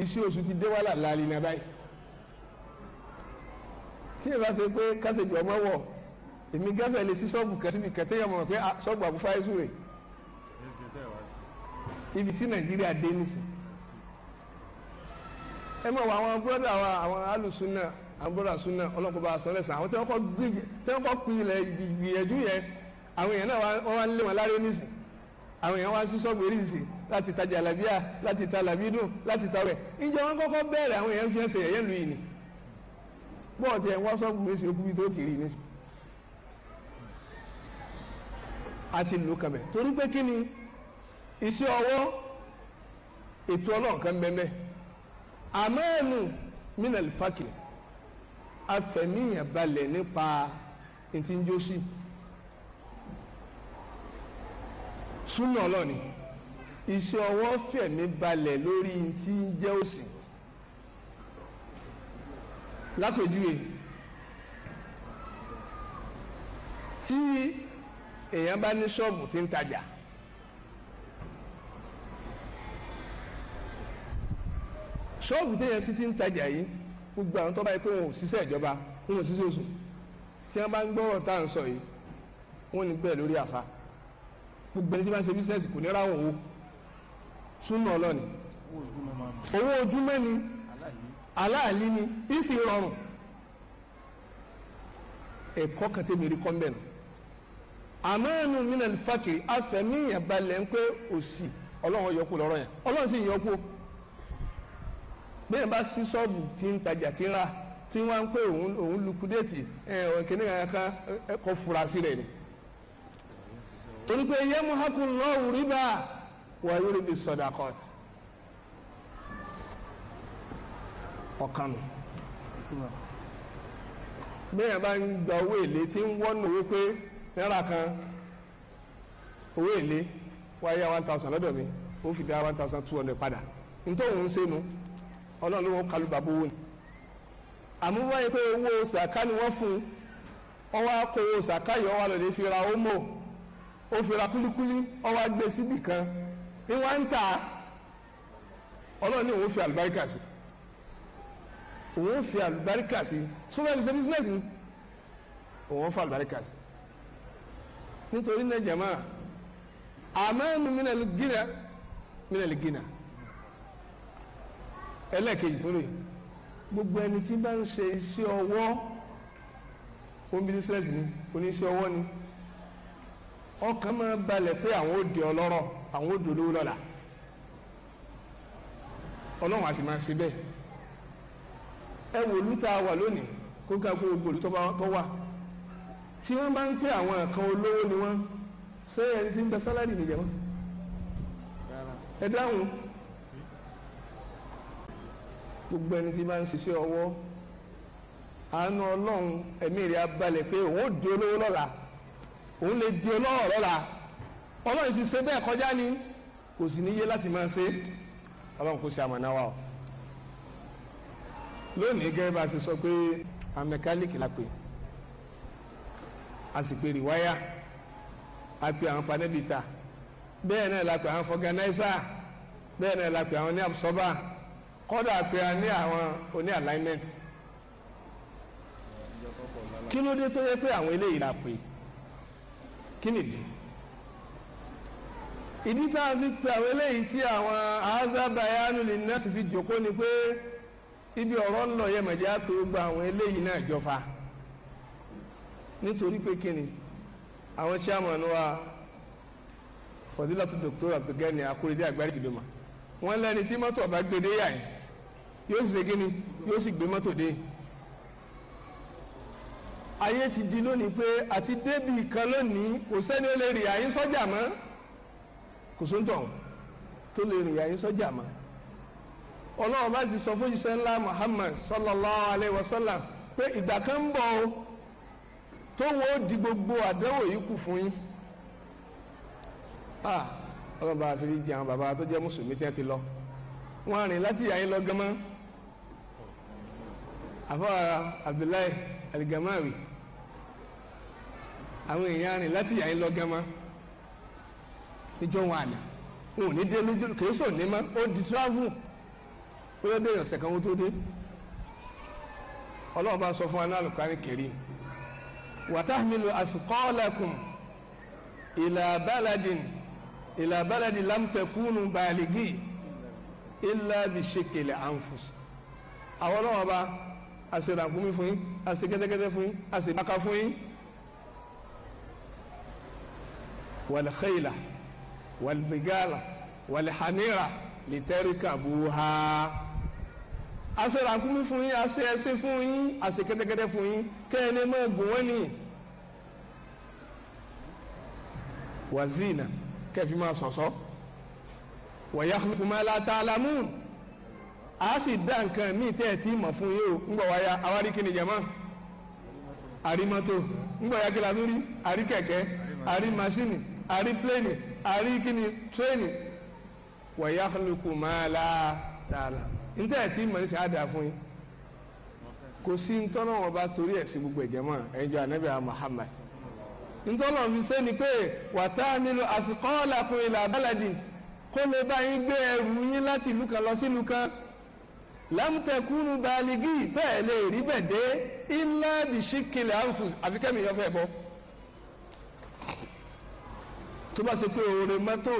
iṣẹ́ oṣù ti dé wàhálà láàrin náà báyìí tí ìbá ṣe pé kásìkì ọmọ wọ̀ èmi gẹ́fẹ̀ lè sí ṣọ́ọ̀bù kẹsìmì kẹtẹ́yà mọ̀ pé ah, ṣọ́ọ̀bù àbúfá ẹ̀sùn rẹ̀ ibi tí nàìjíríà dé nísìn ẹ mọ̀ wọ àwọn búrọ́dà wa àwọn alùsùnà àwọn búrọ́dà sùnà ọlọ́kùnrin bá sọ lẹ́sàn àwọn tí wọ́n kọ́ pilẹ̀ gbìyànjú yẹn àwọn èèyàn náà wọ́n wá ń lé wọn láré nísìn àwọn èèyàn wá sí ṣọ́ọ̀bù eréṣin láti tajà làbíà láti ta làbídùn láti ta wẹ̀ ìjọ wọn kọ́kọ́ bẹ̀rẹ̀ àwọn èèyàn fi ẹsẹ̀ ẹ̀yẹ́ lu yìí ni bọ́ọ̀ tiẹ̀ wọ́n sọ́ọ̀bù mi sí okùnbí tó ti rí ní sí. a ti lù kàmẹ́ torí pé kí ni iṣẹ́ ọwọ́ ètò ọlọ́ọ̀kan bẹ́ẹ̀ àmọ́ẹ̀nù minal fakir afẹ̀míyàn balẹ̀ nípa ìtìjọ́sí súnà ọlọ́ọ̀ni iṣẹ́ ọwọ́ fẹ̀mí balẹ̀ lórí ti lápèjúwe tí èèyàn bá ní ṣọ́ọ̀bù tí ń tajà ṣọ́ọ̀bù tí èèyàn sì ti ń tajà yìí gbogbo àwọn tó bá yẹ pé wọn ò ṣiṣẹ́ ìjọba wọn ò ṣiṣẹ́ oṣù tí wọ́n bá ń gbọ́rọ̀ tá à ń sọ yìí wọ́n ní bẹ́ẹ̀ lórí àfa gbogbo ẹni tí wọ́n ṣe bísíǹsì kò ní ra wọn o súnmọ́ ọlọ́ni owó ojúmọ́ ni. aláàlí ni ìsì rọrùn ẹ̀kọ́ kan tẹ́ mi rí kọ́ mbẹ́nu àmọ́ẹ̀nù afọ al-fakri afẹ́míyàn balẹ̀ ń pé òsì ọlọ́run yọkú lọ́rọ̀ yẹn ọlọ́run sì yọkú bẹ́ẹ̀ bá sí ṣọ́ọ̀bù tí ń tajà tí ń ra tí wọ́n ń pè òun òun lukudeeti kìnìún kankan kò fura sí rẹ̀ ni torí pé yẹ́mu hakùn lọ́wọ́ rí bá wà yóò rí bí sọ̀dà kọ́ọ̀tì. ọ̀kanù bẹ́ẹ̀ bá ń gba owó èlé tí ń wọ́nà wípé náírà kan owó èlé wáyé one thousand lọ́dọ̀ mi ó fi dá one padà nítorí òun ń sẹ́nu ọlọ́run ló wọ́n kalu owó ni pé owó sàká fún un owó sàká yìí ra ó fi ra kúlíkúlí kan ìwọ́n ń ta ọlọ́run òun fi àlùbáríkà sí sọ́wọ́n ẹ̀fí ṣe business ni òun fa àlùbáríkà sí nítorí náà jama àmọ́nu mínàlì gínà mínàlì gínà ẹlẹ́ẹ̀kejì tó rè gbogbo ẹni tí bá ń ṣe iṣẹ́ ọwọ́ home business ni oníṣẹ́ ọwọ́ ni ọkàn máa balẹ̀ pé àwọn ò di ọlọ́rọ̀ àwọn ò dolówó lọ́la ọlọ́run á sì máa ṣe bẹ́ẹ̀ ẹ wò lú tá a wà lónìí kó ká kó gbòòlù tó wà tí wọ́n bá ń pè àwọn nǹkan olówó ni wọ́n ṣé ẹni tí ń bẹ sálárì nìyẹn wọn ẹ dáhùn gbogbo ẹni tí bá ń ṣiṣẹ́ ọwọ́ àánú ọlọ́run ẹ̀mí rẹ̀ abalẹ̀ pé òun ò di olówó lọ́la òun lè di olówó lọ́la ọlọ́run ti ṣe bẹ́ẹ̀ kọjá ni kò sì níyé láti máa ṣe ọlọ́run kò ṣe àmọ̀ná wa o lónìí gẹ́gẹ́ bá a ṣe sọ pé a mẹkáníìkì la pè a sì pè rìwáyà a pè àwọn panẹ́bìtà bẹ́ẹ̀ náà la pè àwọn fọgànáísà bẹ́ẹ̀ náà la pè àwọn ní àbùsọ́bà kọ́dà pé a ní àwọn oní alignment kí ló dé tó yẹ pé àwọn eléyìí la pè kí nìdí ìdí tá a fi pè àwọn eléyìí tí àwọn azabayanu lè nẹ́sì fi jòkó ni pé ibi ọ̀rọ̀ ń lọ yẹ mọ̀jẹ́ á pé gbogbo àwọn eléyìí náà jọfa nítorí pé kíni àwọn chairman wa fọdílàtú Dr. Abdulgani Akóredé Àgbárí Gidoma wọn lẹni tí mọ́tò ọba gbèdé yà yìí yóò sì ṣe kíni yóò sì gbé mọ́tò dé ayé ti di lónìí pé àti débì kan lónìí kò sẹ́ni ó lè rìn àyín sọ́jà mọ́ kò sóńtọ̀ tó lè rìn àyín sọ́jà mọ́ ọlọ́run bá ti sọ fún jíṣẹ́ ńlá Muhammad sallallahu alayhi wa sallam pé ìgbà kan ń bọ̀ o tóun ó di gbogbo àdánwò yìí kù fún yín ah ọlọ́run bá fi jẹ àwọn bàbá tó jẹ́ mùsùlùmí tí wọ́n ti lọ wọ́n rìn láti ìyá yín lọ gánmọ́ àfọwọ́ra Abdullahi Al-Gamawi àwọn èèyàn rìn láti ìyá yín lọ gánmọ́ níjọ́ wọn àná wọn ò ní dé lójú kèésò ní mọ́ ó di travel ó ló dé ọ̀sẹ̀ kan ó tó dé ọlọ́run bá sọ fún wa náà lùkárí kiri wàtàmílù àfikọ́ọ́lẹ́kùn ìlà bàládìn ìlà bàládìn lámtẹ̀kùnù bàlígì ìlà bìṣekèlè ànfùs àwọn ọlọ́run bá àṣẹ fún yín àṣẹ fún yín àṣẹ fún yín wàlẹ́kẹ́yìlà wàlẹ́bìgàlà wàlẹ́hànírà lìtẹ́ríkà bùhá àṣẹ ràkúnmí fún yín àṣẹ ẹṣin fún yín àṣẹ kẹ́tẹ́kẹ́tẹ́ fún yín kẹ́ẹ̀ni mọ́ gùn wọ́n ni wàzínà kẹfì máa sọ̀sọ́ wàyáhùnkùn máa la ta'lamun a sì dá nǹkan míì tẹ́ ẹ̀ tí mọ̀ fún yín o ńgbọ̀ wáyà awárí kí ni jẹ̀mọ́ àrímọ́tò ńgbọ̀ ya kí la lórí àrí kẹ̀kẹ́ àrí masini àrí pléènì àrí kí ni tréènì wàyáhùnkùn máa la ta'lamun níta ẹ̀ tí mọ̀lẹ́sì ada dà fún yín kò sí ntọ́nà wọn bá torí ẹ̀ sí gbogbo ẹ̀jẹ̀ mọ́ ẹ̀jọ̀ Muhammad ntọ́nà fi sẹ́ni pé wàtá nílò àfikọ́ọ́lákùn ilà baladin kó lè bá yín gbé ẹrù yín láti ìlú kan lọ sí ìlú kan lámùtẹ̀kùnú baligi tẹ́ ẹ̀ lè rí bẹ̀ dé ilá bìsíkìlẹ̀ àwùfù àfikẹ́mi yọ fẹ́ bọ́ tó bá ṣe pé oore mọ́tò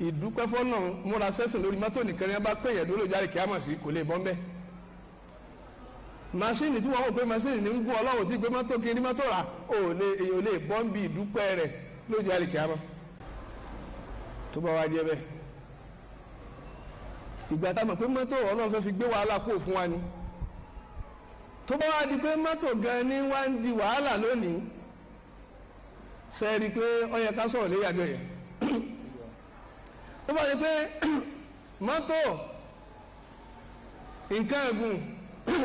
ìdúpẹ́ náà múra sẹ́sìn lórí mọ́tò nìkan ni wọ́n bá pèyàn ló lójú àríkè àmọ̀ sí kò lè bọ́ mbẹ́. màṣíìnì tí wọ́n wò pé màṣíìnì ní ń gún ọlọ́wọ́ tí gbé mọ́tò kiri mọ́tò rà ò lè bọ́ ń ìdúpẹ́ rẹ̀ lójú àríkè àmọ̀. tó bá wá bẹ́ẹ̀ ìgbà tá a mọ̀ pé mọ́tò ọlọ́run fẹ́ fi gbé wàhálà fún wa ni tó bá yẹ pé [clears throat] mọ́tò nǹkan ẹ̀gùn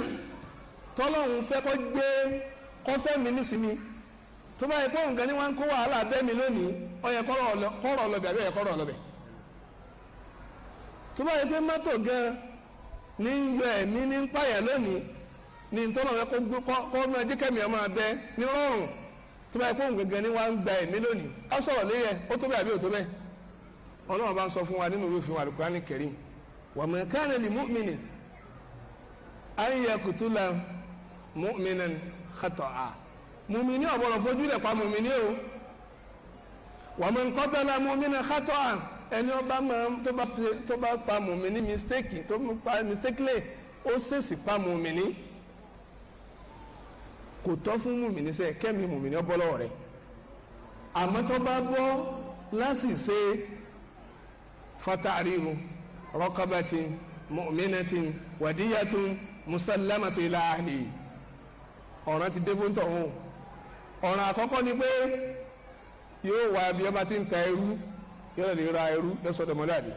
[clears throat] tọ́lọ́hún fẹ́ kọ́ gbé mi nísìmí tó bá yẹ pé ni wọ́n ń kó mi lónìí yẹ kọ́rọ̀ ọlọ́bẹ̀ àbí yẹ kọ́rọ̀ ọlọ́bẹ̀ tó bá yẹ pé mọ́tò gan ní ń yọ ẹ̀mí ní ń pààyà lónìí ní tọ́lọ́hún fẹ́ kọ́ gbé kọ́ ọmọ ní rọrùn tó bá yẹ pé gan ni wọ́n ń gba ẹ̀mí lónìí sọ̀rọ̀ léyẹ ọlọ́run bá ń sọ fún wa nínú ìwé òfin alukurani karim wàmọ̀ kánà lè múmìnì ayé kùtùlà múmìnì xatọ̀ a múmìnì ọ̀bọ̀rọ̀ fojú lẹ̀ pa múmìnì o wàmọ̀ nkọ́tàlà múmìnì xatọ̀ a ẹni ọba máa tó bá pa múmìnì mistake tó pa mistake lè ó sèṣì pa múmìnì kò tọ́ fún múmìnì sẹ́ kẹ́mi múmìnì ọbọ̀ lọ́wọ́ rẹ̀ àmọ́ bá bọ́ lásìse fatahriru rọkọbẹtin مؤمنة wàdíyàtun مسلمة إلى ahli ọ̀ràn ti débó ń tọ̀ wọn ọ̀ràn àkọ́kọ́ ni pé yóò wá bí ọba ti ń ta ẹrú yóò lè ra ẹrú lọ́sọ̀dọ̀ mọ́láàdì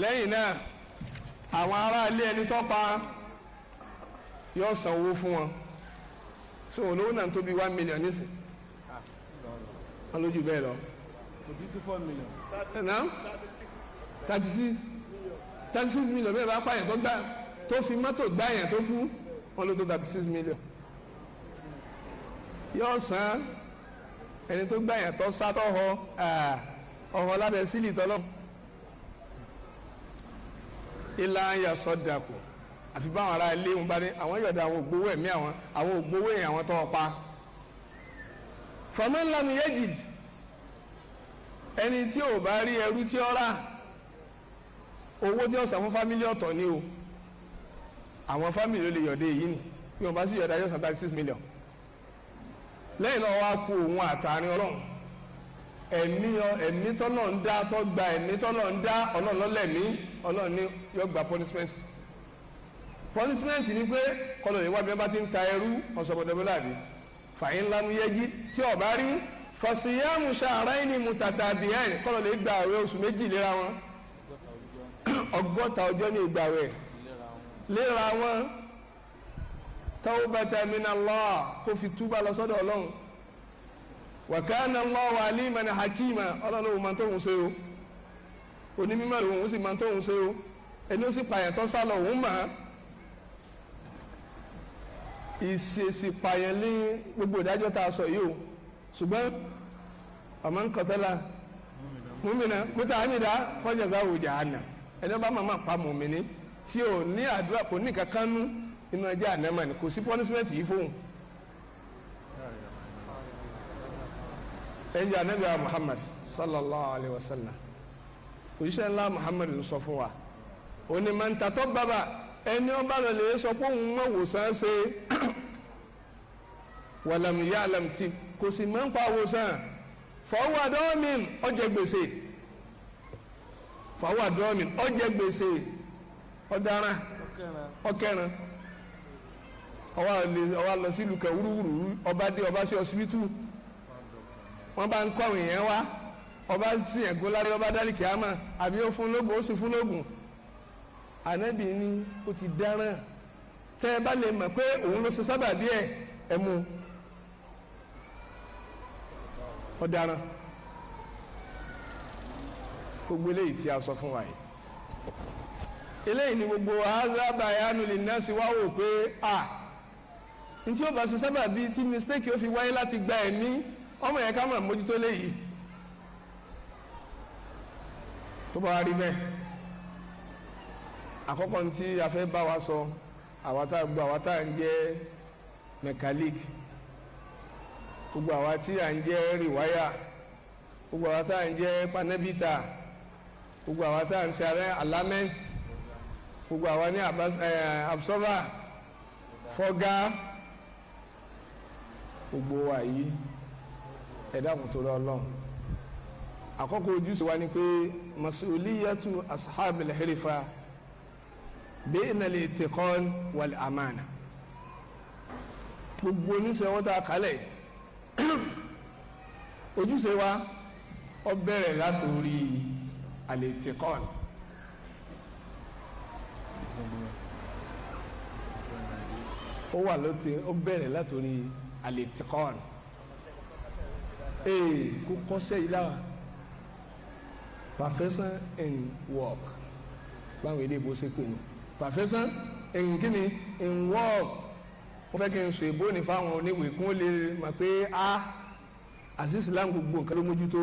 lẹ́yìn náà àwọn aráalé ẹni tó yóò san owó fún wọn so olówó náà tó one million nísìn wọn bẹ́ẹ̀ lọ. òbí two four million now thirty six thirty six million bẹ́ẹ̀ bá pààyàn tó gbà tó fi mọ́tò gbà yẹn tó kú wọn ló tó thirty six million yóò san ẹni tó gbà yẹn tó sátọ̀ họ ọ̀họ́ lábẹ́ sílì tọ́lọ́ ilá ń yà sọ́dà kù àfi báwọn ará ilé wọn bá ní àwọn yọ̀dọ̀ àwọn ògbówó ẹ̀mí àwọn àwọn ògbówó ẹ̀yìn àwọn tó pa fọmọ́ńlá mi yẹ́ jìdì ẹni tí ò bá rí ẹrú tí ó rà owó tí ó san fún fámílì ọ̀tọ̀ ni o àwọn fámílì ló yọ̀dé èyí ni bí wọn bá sì yọ̀dá yóò san thirty six million lẹ́yìn náà wá kú òun àtàrin ọlọ́run ẹ̀mí ẹ̀mí tọ́lọ̀ ń dá tọ́ gba ẹ̀mí tọ́lọ̀ ń dá ọlọ́run lọ́lẹ̀mí ọlọ́run ni yóò gba punishment punishment ni pé kọlọ̀ ìwádìí bá ti ń ta ẹrú ọ̀sọ̀bọ̀dọ̀bọ̀lá àbí fàyín ńlá mú yẹ́jí tí ó bá rí fọ̀síyàmù ṣàárẹ̀ ní mùtàtàbíyàn kọ́lọ̀ lè gba àwẹ̀ oṣù méjì léra wọn ọgọ́ta ọjọ́ ní ìgbà rẹ̀ léra wọn tawbatan min Allah kó fi túbà lọ sọ́dọ̀ ọlọ́run wa kana Allahu aliman hakima ọlọ́run òun máa tóun ṣe o onímọ̀ òun sì máa tóun ṣe o ẹni ó sì pààyàn sálọ òun mà á pààyàn lé gbogbo ìdájọ́ tá a sọ yìí o ṣùgbọ́n ọmọ nkọtọ́lá múmìnà múta àmìdá kọjàzá òjà àná ẹni bá màmá pa mùmìnì tí ò ní àdúrà kò ní kankan nú inú ẹjẹ ànámà ni kò sí pọnísímẹ́ǹtì yìí fóun. ẹnjẹ anabi wa muhammad sallallahu alayhi wa sallam òjíṣẹ́ ńlá muhammad ló sọ fún wa òní màǹtàtọ́ bàbà ẹni ọba rẹ̀ lè sọ pé òun mọ̀ wòsàn ṣe wàlámù yá àlámù tìbù kò sì mọ̀ ń pa àwòsàn fọwọ́ dọ́ọ̀mìn ọjẹ́ gbèsè fọwọ́ dọ́ọ̀mìn ọjẹ́ gbèsè ọ̀daràn ọ̀kẹ́ran ọwọ́ lọ sílùú kan wúrúwúrú ọba dé ọba sí ọsibítù wọ́n bá ń kọ́ àwọn èèyàn wá ọba tiẹ̀ góláré ọba dálì kìámà àbí ó fún lóògùn ó sì fún lóògùn ànábì ni ó ti dáràn tẹ́ ẹ bá lè mọ̀ pé òun ló ṣe sábàbí ẹ̀ ẹ̀ mú un ọ̀daràn gbogbo eléyìí tí a sọ fún wa yìí eléyìí ni gbogbo azabayanu lè ná sí wáwò pé a ntí ó bá ṣe sábà bíi tí mistake ó fi wáyé láti gba ẹ̀mí ọmọ yẹn ká mọ̀ mójútó léyìí tó bá wá rí bẹ́ẹ̀ àkọ́kọ́ ntí a bá wa sọ àwa gbọ́ àwa ń jẹ́ mechanic gbogbo àwa tí à ń jẹ́ rìwáyà gbogbo àwa tá à ń jẹ́ panẹ́bìtà gbogbo àwa tá à ń ṣe alámẹ́ǹt gbogbo àwa ní absorber fọ́gá gbogbo wa yìí ẹ̀dá kò tó lọ lọ́n àkọ́kọ́ ojúṣe wa ni pé masuliyatu ashabil hirifa bayna al-itqan wal amana gbogbo oníṣẹ́ wọ́n ta kálẹ̀ yìí [coughs] ojúṣe wa ó bẹ̀rẹ̀ látòrí àlètìkọ́ọ̀lù. ó wà lóti ó bẹ̀rẹ̀ látòrí àlètìkọ́ọ̀lù. ee kó kọ́sẹ́ yìí lára professor in work báwo ilé ìbò ṣe pè ní professor in kíni in work wọ́n fẹ́ kí n sọ èbó ní fáwọn oníwèé kún lè mọ̀ pé a àti Islam gbogbo nǹkan ló mójútó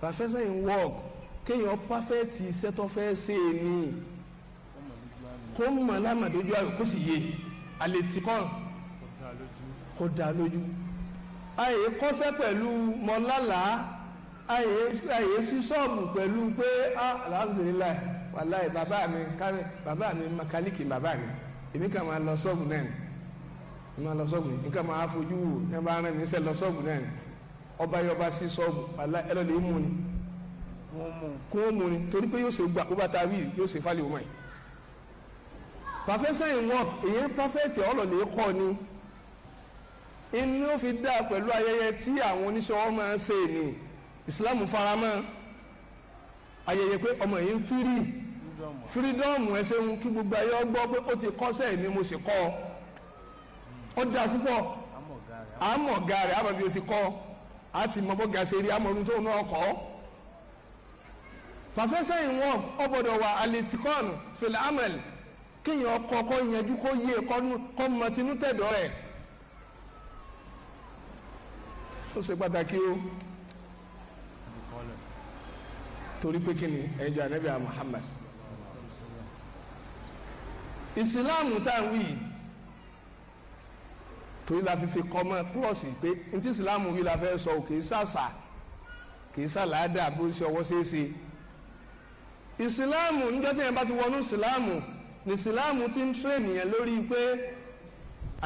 professor in work kéèyàn perfect iṣẹ́ tó fẹ́ ṣe é ní kó mọ̀ lámàdójú àrùn kó sì yé àlè tìkọ́ kó dá lójú àyè kọ́sẹ́ pẹ̀lú mọ́lálàá àyè àyè sí ṣọ́ọ̀bù pẹ̀lú pé alhamdulilayi wàláì bàbá mi kárí bàbá mi makaliki bàbá mi èmi kà máa lọ ṣọ́ọ̀bù náà ẹ máa lọ sọ́ọ̀bù yìí nǹkan máa fojú wò ẹ bá rán mi sẹ́ lọ sọ́ọ̀bù náà ni ọba yìí ọba sí sọ́ọ̀bù àlá ẹ lọ́ọ́ lè mú ni kó o mú ni torí pé yóò ṣe gbà kó bá ta wí yóò ṣe fálẹ̀ òun ẹ̀. perfection in work èyí perfect ọ̀lọ́ lè kọ́ ni inú fi dáa pẹ̀lú ayẹyẹ tí àwọn oníṣòwò máa ń ṣe ni Islam faramọ́ ayẹyẹ pé ọmọ yìí ń fírì fírídọ́ọ̀mù ẹsẹ̀ ń kí gbogbo ayé ọgbọ́ pé ó ti kọ́sẹ̀ ni mo sì kọ́ ọ. ó dáa púpọ̀ àmọ̀ ọ̀gá rẹ̀ bí o a ti mọ bọ́gà ṣe rí ọdún tó náà kọ́ pàfẹ́sẹ̀ ìwọ̀n ọgbọ́dọ̀ wà aletikọ́n fìlà amẹ̀lì kéèyàn ọkọ̀ kọ́ yẹnjú kó yé kọ́ mọ torí pé kí ni ẹ̀jọ̀ Muhammad ìsìláàmù torí la fi fi kọ́mọ kúrọ̀sì pé ntí Islam yìí la fẹ́ sọ kì í sàṣà kì í sàládà bó ṣe ọwọ́ ṣe é ṣe ìsìláàmù níjọ́ tí yẹn bá ti wọnú ìsìláàmù ní ìsìláàmù ti ń tírèènì yẹn lórí pé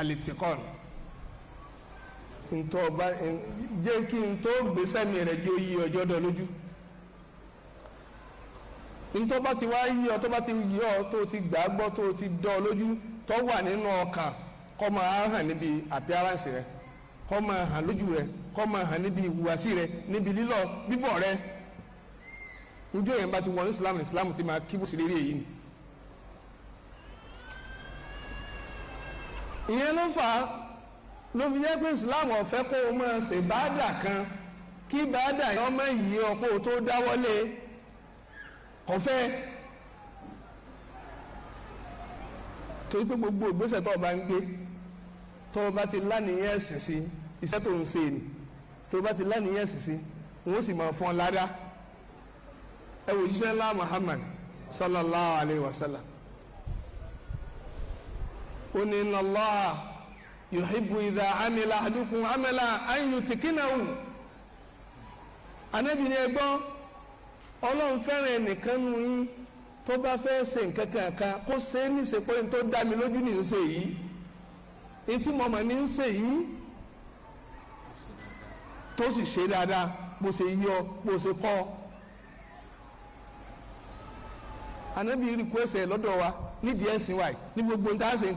àlìtìkọ́n ntọ́ bá jẹ́ kí n tó gbèsè mi rẹ̀ jẹ́ oyè ọjọ́ dọ̀ lójú ntọ́ bá ti wá yí ọ tó bá ti yí ọ tó ti gbàgbọ́ tó ti dọ̀ lójú tó wà nínú ọkàn kó máa hàn níbi appearance rẹ kó máa hàn lójú rẹ kó máa hàn níbi ìhùwàsí rẹ níbi lílọ bíbọ̀ rẹ njó yẹn bá ti wọ islam islam ti máa kí bùsùlẹ̀ rí èyí ni. ìyẹn ló fà á ló fi jẹ́ pé islam ọ̀fẹ́ kó o máa ṣe báàdà kan kí báàdà yẹn ọmọ yìí ọkọ tó dáwọ́lé ọ̀fẹ́ torí pé gbogbo ìgbésẹ̀ tó o bá ń gbé tó o bá ti lánìyàn ẹ̀sìn sí iṣẹ́ tó ń ṣe ni tó o bá ti lánìyàn ẹ̀sìn sí wọ́n sì máa fọ́n ládá ẹ wò jíṣẹ́ ńlá Muhammad sallallahu alayhi wa sallam ó ní inna Allaha yuhibbu idha amila ahadukum amala an yutqinahu Ànábì ní ẹ gbọ́ Ọlọ́run ẹnìkan nù yín tó bá fẹ́ ṣe nǹkan kankan kó ṣe é níṣe pé n tó dá mi lójú ní ṣe yìí etí mọ̀mọ́ ní ń sè yí tó sì ṣe dáadáa bó ṣe yọ bó ṣe kọ́ anabi request ẹ lọ́dọ̀ wa nídìí ẹ̀sìn wa ní gbogbo ń tàṣe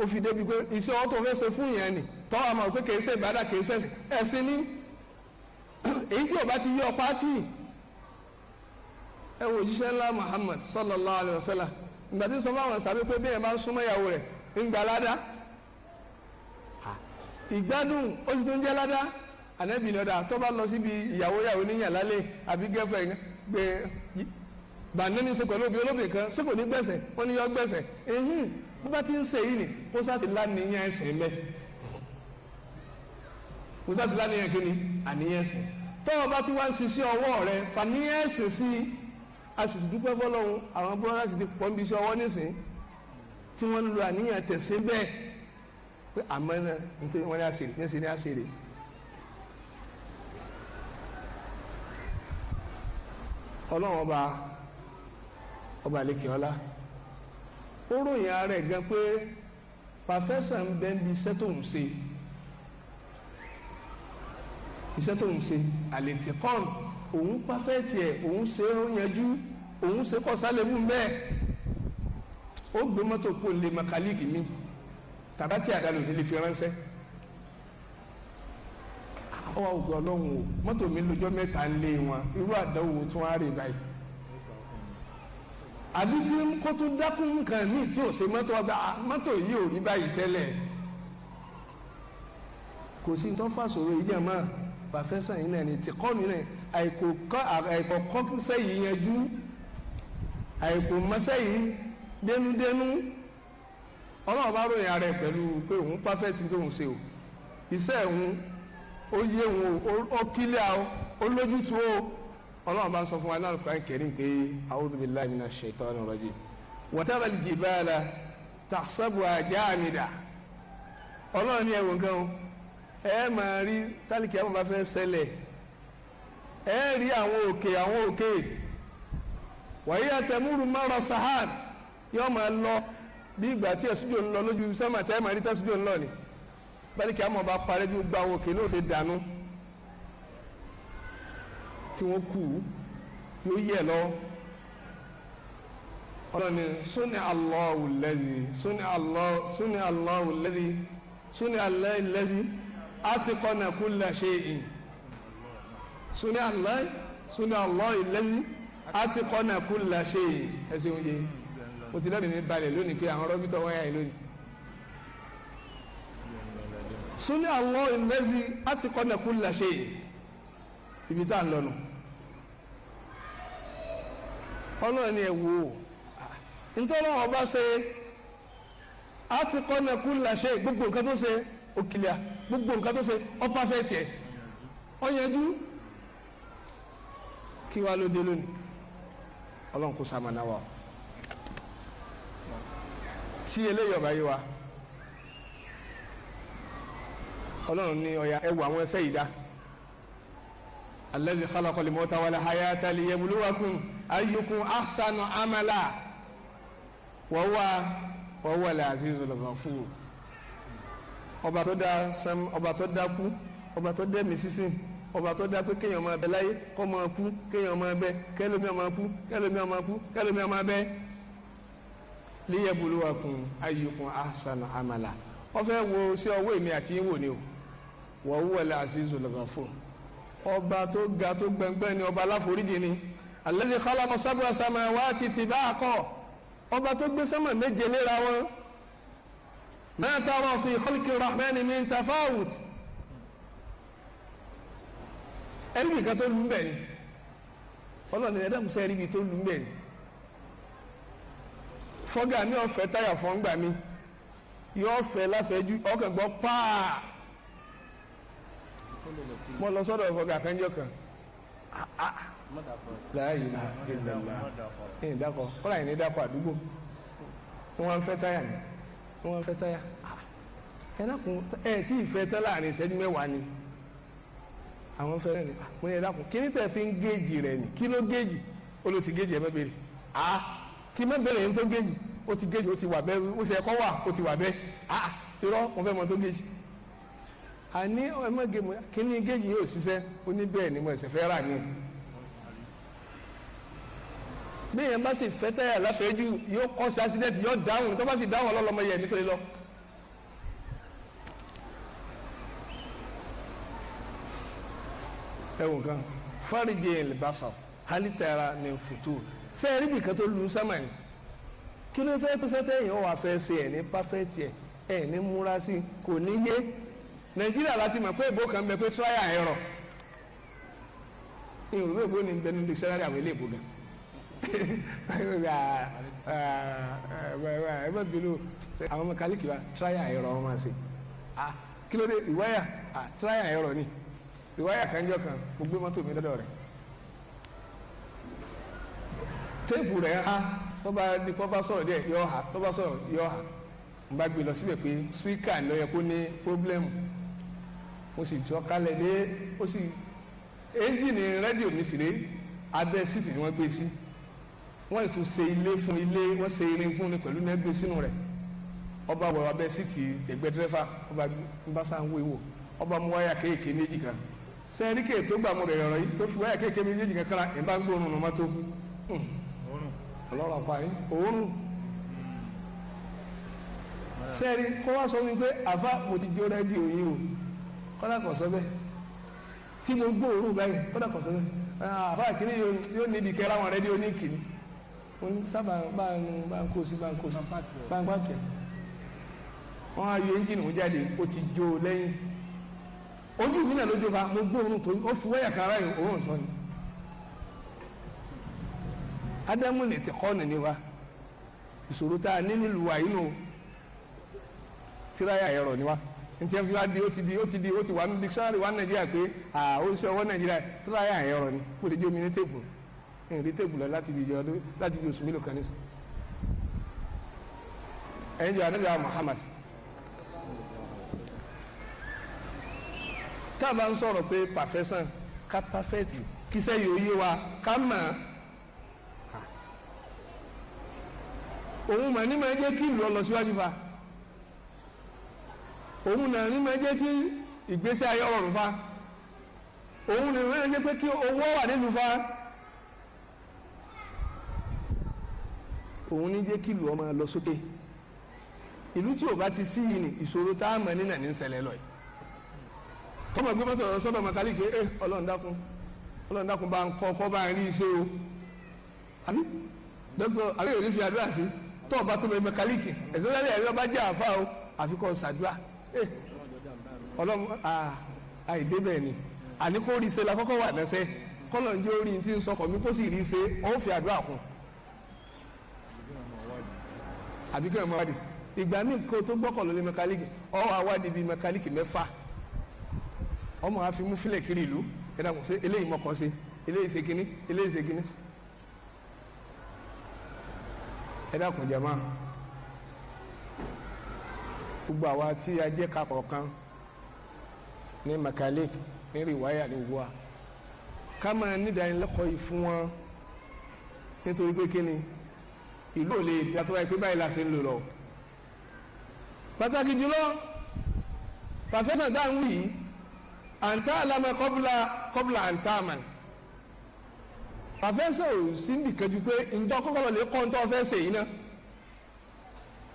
ó fi débi pé iṣẹ́ ọwọ́ tó fẹ́ ṣe fún yẹn ni tọ́wọ́ àmọ́ pé kìí ṣe ìbádà kìí ṣe ẹ̀sìn ní [clears throat] èyí tí ó bá ti yọ pátì ẹ wò jíṣẹ́ ńlá Muhammad sallallahu alayhi wa sallam ìgbà tí sọ fáwọn sàbí pé bí ẹ máa ń súnmọ́ ìyàwó rẹ̀ ń gba ládá ìgbádùn ó sì tún jẹ́ ládá ànábì ni ọ̀dà tó bá lọ síbi ìyàwó ìyàwó níyàn lálẹ́ àbí girlfriend gbé bàánú ní ṣe pẹ̀lú obì olóbì kan ṣé kò ní gbẹ̀sẹ̀ wọ́n ní yọ gbẹ̀sẹ̀ ehun bó bá ti ń ṣe yìí ni kó sáti láníyàn ẹ̀sẹ̀ mẹ́ kó sáti láníyàn kí ni àníyàn ẹ̀sẹ̀ tọ́wọ́ bá ti wá ń ṣiṣẹ́ ọwọ́ rẹ̀ fàníyàn ẹ̀sẹ̀ sí i a sì dúpẹ́ fọlọ́run àwọn brothers ti pọ̀ níbi iṣẹ́ ọwọ́ nísìn tí wọ́n ń lo àníyàn tẹ̀sí bẹ́ẹ̀ pé àmọ́ náà nítorí wọ́n ní àṣírí ní àṣírí ní àṣírí. ọlọ́run ọba ọba àlekè ọlá ó ròyìn ara ẹ̀ gan pé pàfẹ́sà ń bẹ́ ń bi iṣẹ́ tó ń ṣe iṣẹ́ tó ń ṣe àlètè òun pàfẹ́tì ẹ̀ òun ṣe ó yanjú òun ṣe kọ́ sálẹ́mú bẹ́ẹ̀ ó gbé mọ́tò pò lè mẹkáníìkì mi tàbá tí àdàlù ní lè fi ránṣẹ́ ó wà ògbé ọlọ́run o mọ́tò mi lójọ́ mẹ́ta ń lé wọn irú àdánwò tún á rè báyìí àbí kó tún dákún nǹkan míì tí ò ṣe mọ́tò ọba mọ́tò yìí ò rí báyìí tẹ́lẹ̀ kò sí tó fà sọ̀rọ̀ ìjàmọ́ pàfẹ́sà yìí náà ni tìkọ́ni náà àìkò kọ́ àìkò kọ́kí sẹ́yìn yanjú àìkò mọ́sẹ́yìn dénúdénú ọlọ́run bá ròyìn ara ẹ̀ pẹ̀lú pé òun perfect ní tóun ṣe o iṣẹ́ òun ó òun o ó lójútu o ọlọ́run bá sọ fún wa náà kúrán kẹrin pé a'udhu billahi minash shaitani rajim watara al-jibala tahsabuha jamida ọlọ́run ní ẹ̀wọ̀n gan máa rí tálíkì ẹ rí àwọn òkè àwọn òkè wàyí àtẹmúrù mọ́rọ̀ sahad yóò máa lọ bí ìgbà tí ẹ̀sùjò ń lọ lójú sẹ́mà tẹ́ màá rí tẹ́sùjò ń lọ ni bẹ́ẹ̀ni kí a mọ̀ bá parẹ́ bí gbogbo àwọn òkè náà ṣe dànù tí wọ́n kú yóò yẹ̀ lọ ọlọ́ni sunni Allahu lẹ́dí sunni Allahu sunni Allahu lẹ́dí sunni Allahu lẹ́dí àtikọ́nà kulla sunni Allah sunni Allah ilẹ̀yìn àti kọ́nà kú làṣẹ yìí ẹsẹ̀ oúnjẹ mo ti lẹ́mìí mi balẹ̀ lónìí pé àwọn rọ́bìtọ̀ wáyà yìí lónìí. sunni Allah ilẹ̀yìn àti kọ́nà kú làṣẹ yìí ibi tá à ń lọ́nu. ọlọ́run ẹ wò ó nítorí ṣe àti kọ́nà kú làṣẹ gbogbo nǹkan tó ṣe òkìlíà gbogbo nǹkan tó ṣe ó perfect ẹ̀ ó yanjú kí wàá ló dé lónìí ọlọ́run kò sàmànà wa tí eléyìí ọba yìí wa ọlọ́run ní ọ̀yà ẹ̀wù àwọn ẹsẹ̀ yìí dá alladhi khalaqal mawta wal hayata liyabluwakum ayyukum amala wa huwa wa huwa al ọba tó dá sẹ́mu ọba tó dákú ọba tó dẹ́mi sísìn ọba tó dá pé kéèyàn máa bẹ láyé kó máa kú kéèyàn máa bẹ kẹlòmíà máa kú kẹlòmíà máa kú kẹlòmíà máa bẹ. liyabuluwakum ayyukum ahsanu amala wọ́n wo sí ọwọ́ èmi àti yín wò ni o wa huwal azizul ghafur ọba tó ga tó gbẹngbẹ́ ni ọba aláforíjì ni alladhi khalaqa sab'a samawati tibaqa ọba tó gbé sánmà méje léra wọn ma tara fi khalqi rahmani min tafawut ẹ̀rí nìkan tó lù ń bẹ̀ ni ọlọ́ọ̀ni ẹ̀dá musa ẹ̀rí bi tó lù ń bẹ̀ ni fọ́gà mi ọ̀fẹ́ táyà fọ́ngbà mi yóò fẹ́ láfẹ́jú ọkàn gbọ́ pàà mo lọ sọ́dọ̀ fọ́gà kanjọ́ kan láàyè ìlànà ẹ̀yìn dákọ̀ kọ́lá yìí ní dákọ̀ àdúgbò wọ́n fẹ́ táyà ni wọ́n fẹ́ táyà ah, ẹ̀ náà kún ẹ̀ tí ì fẹ́ tán láàrin ìṣẹ́jú mẹ́wàá ni àwọn fẹ́rẹ̀ ni mo ní ẹ dákun kí ni tẹ̀ fi ń géèjì rẹ̀ ni kí ló géèjì ó ló ti géèjì ẹ má béèrè a kí má béèrè yẹn tó géèjì ó ti géèjì o ti wà bẹ́ẹ̀ ó ṣe ẹ̀kọ́ wà ó ti wà bẹ́ẹ̀ a irọ́ mo fẹ́ mọ tó géèjì àní ẹ má géèjì kí ni géèjì yóò ṣiṣẹ́ ó ní bẹ́ẹ̀ ni mo ẹ̀sẹ̀ fẹ́ rà ni bí èèyàn bá sì fẹ́ tẹ́yà láfẹ́jú yóò kọ́ sí accident yóò dáhùn tó bá sì dáhùn ọlọ́lọ́mọ yẹ̀ nítorí lọ. ẹwọ kan fáríjì ìlbàṣà halitara ní fùtù ṣe é rí bìkan tó lu sẹ́mà ni kí ló tẹ́ pẹ́ sẹ́tẹ́ yìí wà fẹ́ ṣe ẹ̀ ní pàfẹ́tì ẹ̀ ẹ̀ ní múra sí kò ní yé nàìjíríà láti mọ̀ pé ìbò kan bẹ pé tíráyà ẹ̀ rọ̀ ìrùbí ìbò ní bẹ ní dictionary àwọn ilé ìbò gan ẹ bẹ bínú àwọn ọmọ kálíkì wa tíráyà ẹ̀ rọ̀ wọn máa ṣe ah, kí ló dé ìwáyà ah, tíráyà ẹ̀ rọ̀ ni. ìwáyà kanjọ kan mo gbé mọ́tò mi lọ́dọ̀ rẹ̀ téèpù rẹ̀ ha tó bá ní kó bá sọ̀rọ̀ díẹ̀ yọ ha tó bá sọ̀rọ̀ yọ ha mo bá gbé lọ síbẹ̀ pé spíkà yẹ kó ní pọ́blẹ́mù mo sì jọ kalẹ̀ dé ó sì ẹ́ńjìnì mi sì ré abẹ́ síìtì ni wọ́n gbé sí wọ́n tún se ilé fún ilé wọ́n se irin fún ni pẹ̀lú náà gbé sínú rẹ̀ ọba wọ abẹ́ síìtì ọba bá sáà ń ọba mú sẹ́ríkè tó gbà mú rẹ̀ ọ̀rọ̀ yìí tó fi wáyà kéèké mi méjì kankan ẹ̀ bá ń gbóòórùn ní mọ́tò ọlọ́run apá yìí òórùn sẹ́rí kó wá sọ wípé àfa mo ti jó rẹ́díò yìí o kọ́dà kan sọ bẹ́ẹ̀ tí mo gbóòórùn báyìí kọ́dà kan sọ bẹ́ẹ̀ ah, àfa kìíní yóò níbi kẹ́ra àwọn rẹ́díò ní kìíní mo ní sábà bá ń bá ń kó sí bá ń kó sí bá ń gbá wọ́n á yọ ẹ́ńjìnì ojú mi náà lójú fa mo gbóòórùn tó ó fi wáyà kan ara yìí òórùn sọ ni ádámù lè ti kọ́ ọ̀nà ni wa ìṣòro tá a ní nílùú wa yìí nù tíráyà ẹ̀rọ ni wa ntí ẹnfí wa di ó ti di ó ti di ó ti wà ní dictionary wa nàìjíríà pé à ó ṣe ọwọ́ nàìjíríà tíráyà ẹ̀rọ ni kó o ṣe ní téèpù ní rí téèpù lọ láti di ọdún láti di oṣù mélòó kan nísìn ẹ̀yin jọ ànábìá Muhammad tá a máa ń sọ̀rọ̀ pé perfection ká perfect kí sẹ́yìn yé wa ká mọ̀ òun mà ní máa jẹ́ kí ìlú ọ lọ síwájú fa òun náà ní máa jẹ́ kí ìgbésí ayé ọrọ̀ fa òun ní máa jẹ́ pé kí owó wà nínú fa òun ní jẹ́ kí ìlú ọ máa lọ sókè ìlú tí ò bá ti sí yìí ni ìṣòro tá a mọ̀ nínà ní ń ṣẹlẹ̀ lọ́yìí kọ́mọ̀ gbé mọ́tò lọ sọ́dọ̀ mọ́tàlí pé ẹ eh, ọlọ́run dákun ọlọ́run dákun bá ń kọ́ kọ́ bá ń rí iṣẹ́ o àbí dọ́kítọ̀ àbí èrè fi àdúrà sí tó ọba tó mọ mẹkáníìkì ẹ̀sẹ̀ sẹ́lẹ̀ ẹ̀rí ọba jẹ́ àfa o àfi kọ́ ṣàdúrà ẹ eh, ọlọ́run àìdé bẹ́ẹ̀ ni àní kó rí iṣẹ́ la kọ́kọ́ wà lẹ́sẹ̀ kọ́lọ̀ ń jẹ́ orí ti ń sọkọ̀ mi kó sì rí iṣẹ́ ó fi àdúrà kún àbí kí ọmọ wádìí ìgbà míì kó tó gbọ́kọ̀ lórí mẹkáníìkì ọ wá wádìí bíi mẹkáníìkì mẹ́fà ọmọ àfi mú fílẹ̀ kiri ìlú ẹ̀dá kò sí eléyìí mọ̀kọ́ sí eléyìí ṣe kínní eléyìí ṣe kínní ẹ̀dá kò jẹ́ máa gbogbo àwa tí a jẹ́ kakọ̀ kan ní makalik ní rìwáyà ní wua ká máa nídàánilẹ́kọ̀ọ́ yìí fún wọn nítorí pé kínní ìlú ò lè dàtọ́ pé báyìí la ṣe ń lò lọ pàtàkì jùlọ pàfẹ́sàn dáhùn yìí àǹtá àlámà kọ́bùlà kọ́bùlà àǹtá àmà àfẹ́sẹ̀ ò sí nìkan ju pé ǹjọ́ kọ́kọ́ lè kọ́ ǹtọ́ fẹ́sẹ̀ yìí náà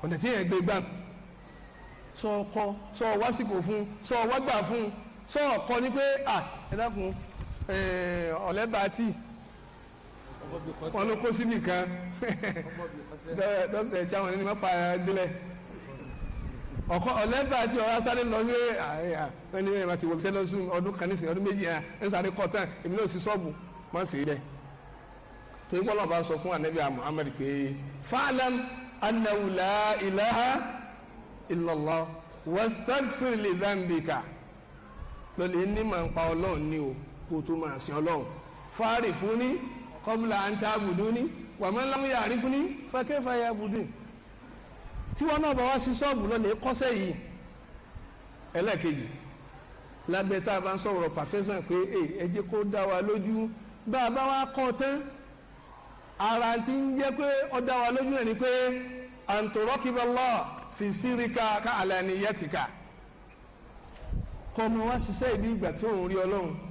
ọ̀nà tí yẹn gbé gbà sọ ọkọ sọ wásìkò fún sọ wágbà fún sọ ọkọ ni pé à ẹ dákun eh, ọ̀lẹ́bàá tì wọn ló kó síbì kan [laughs] dókítà ìjáwọn ẹni mọ́pàá délẹ̀ ọkọ ọlẹ́bàá tí ọ̀rá sáré lọ sí ẹ ní ẹ̀rọ àti ìwòsàn lọ́sùn ọdún kan nísìnyí ọdún méjì ẹ̀ ń sáré kọ́ tán èmi náà sì sọ́ọ̀bù má sì rẹ̀ torí pé ọlọ́ọ̀bá sọ fún anabi muhammed pé fa'lam annahu la ilaha illallah wastaghfir li ní màá pa ọlọ́run ní o kó tó máa sin ọlọ́run fáàrì fún ní qabla an ta'buduni wa man lam ya'rifni fa kayfa tí wọn náà bá wá sí ṣọ́ọ̀bù lọ́lẹ̀ kọ́sẹ́ yìí ẹlẹ́ẹ̀kejì lábẹ́ tá a bá ń sọ̀rọ̀ pé ẹ kó dá wa lójú bá a bá wá kọ́ tán ara ti ń jẹ́ pé ọ dá wa lójú ẹ̀ ni pé àǹtọ̀rọ́kìbọ́lọ́ fi ká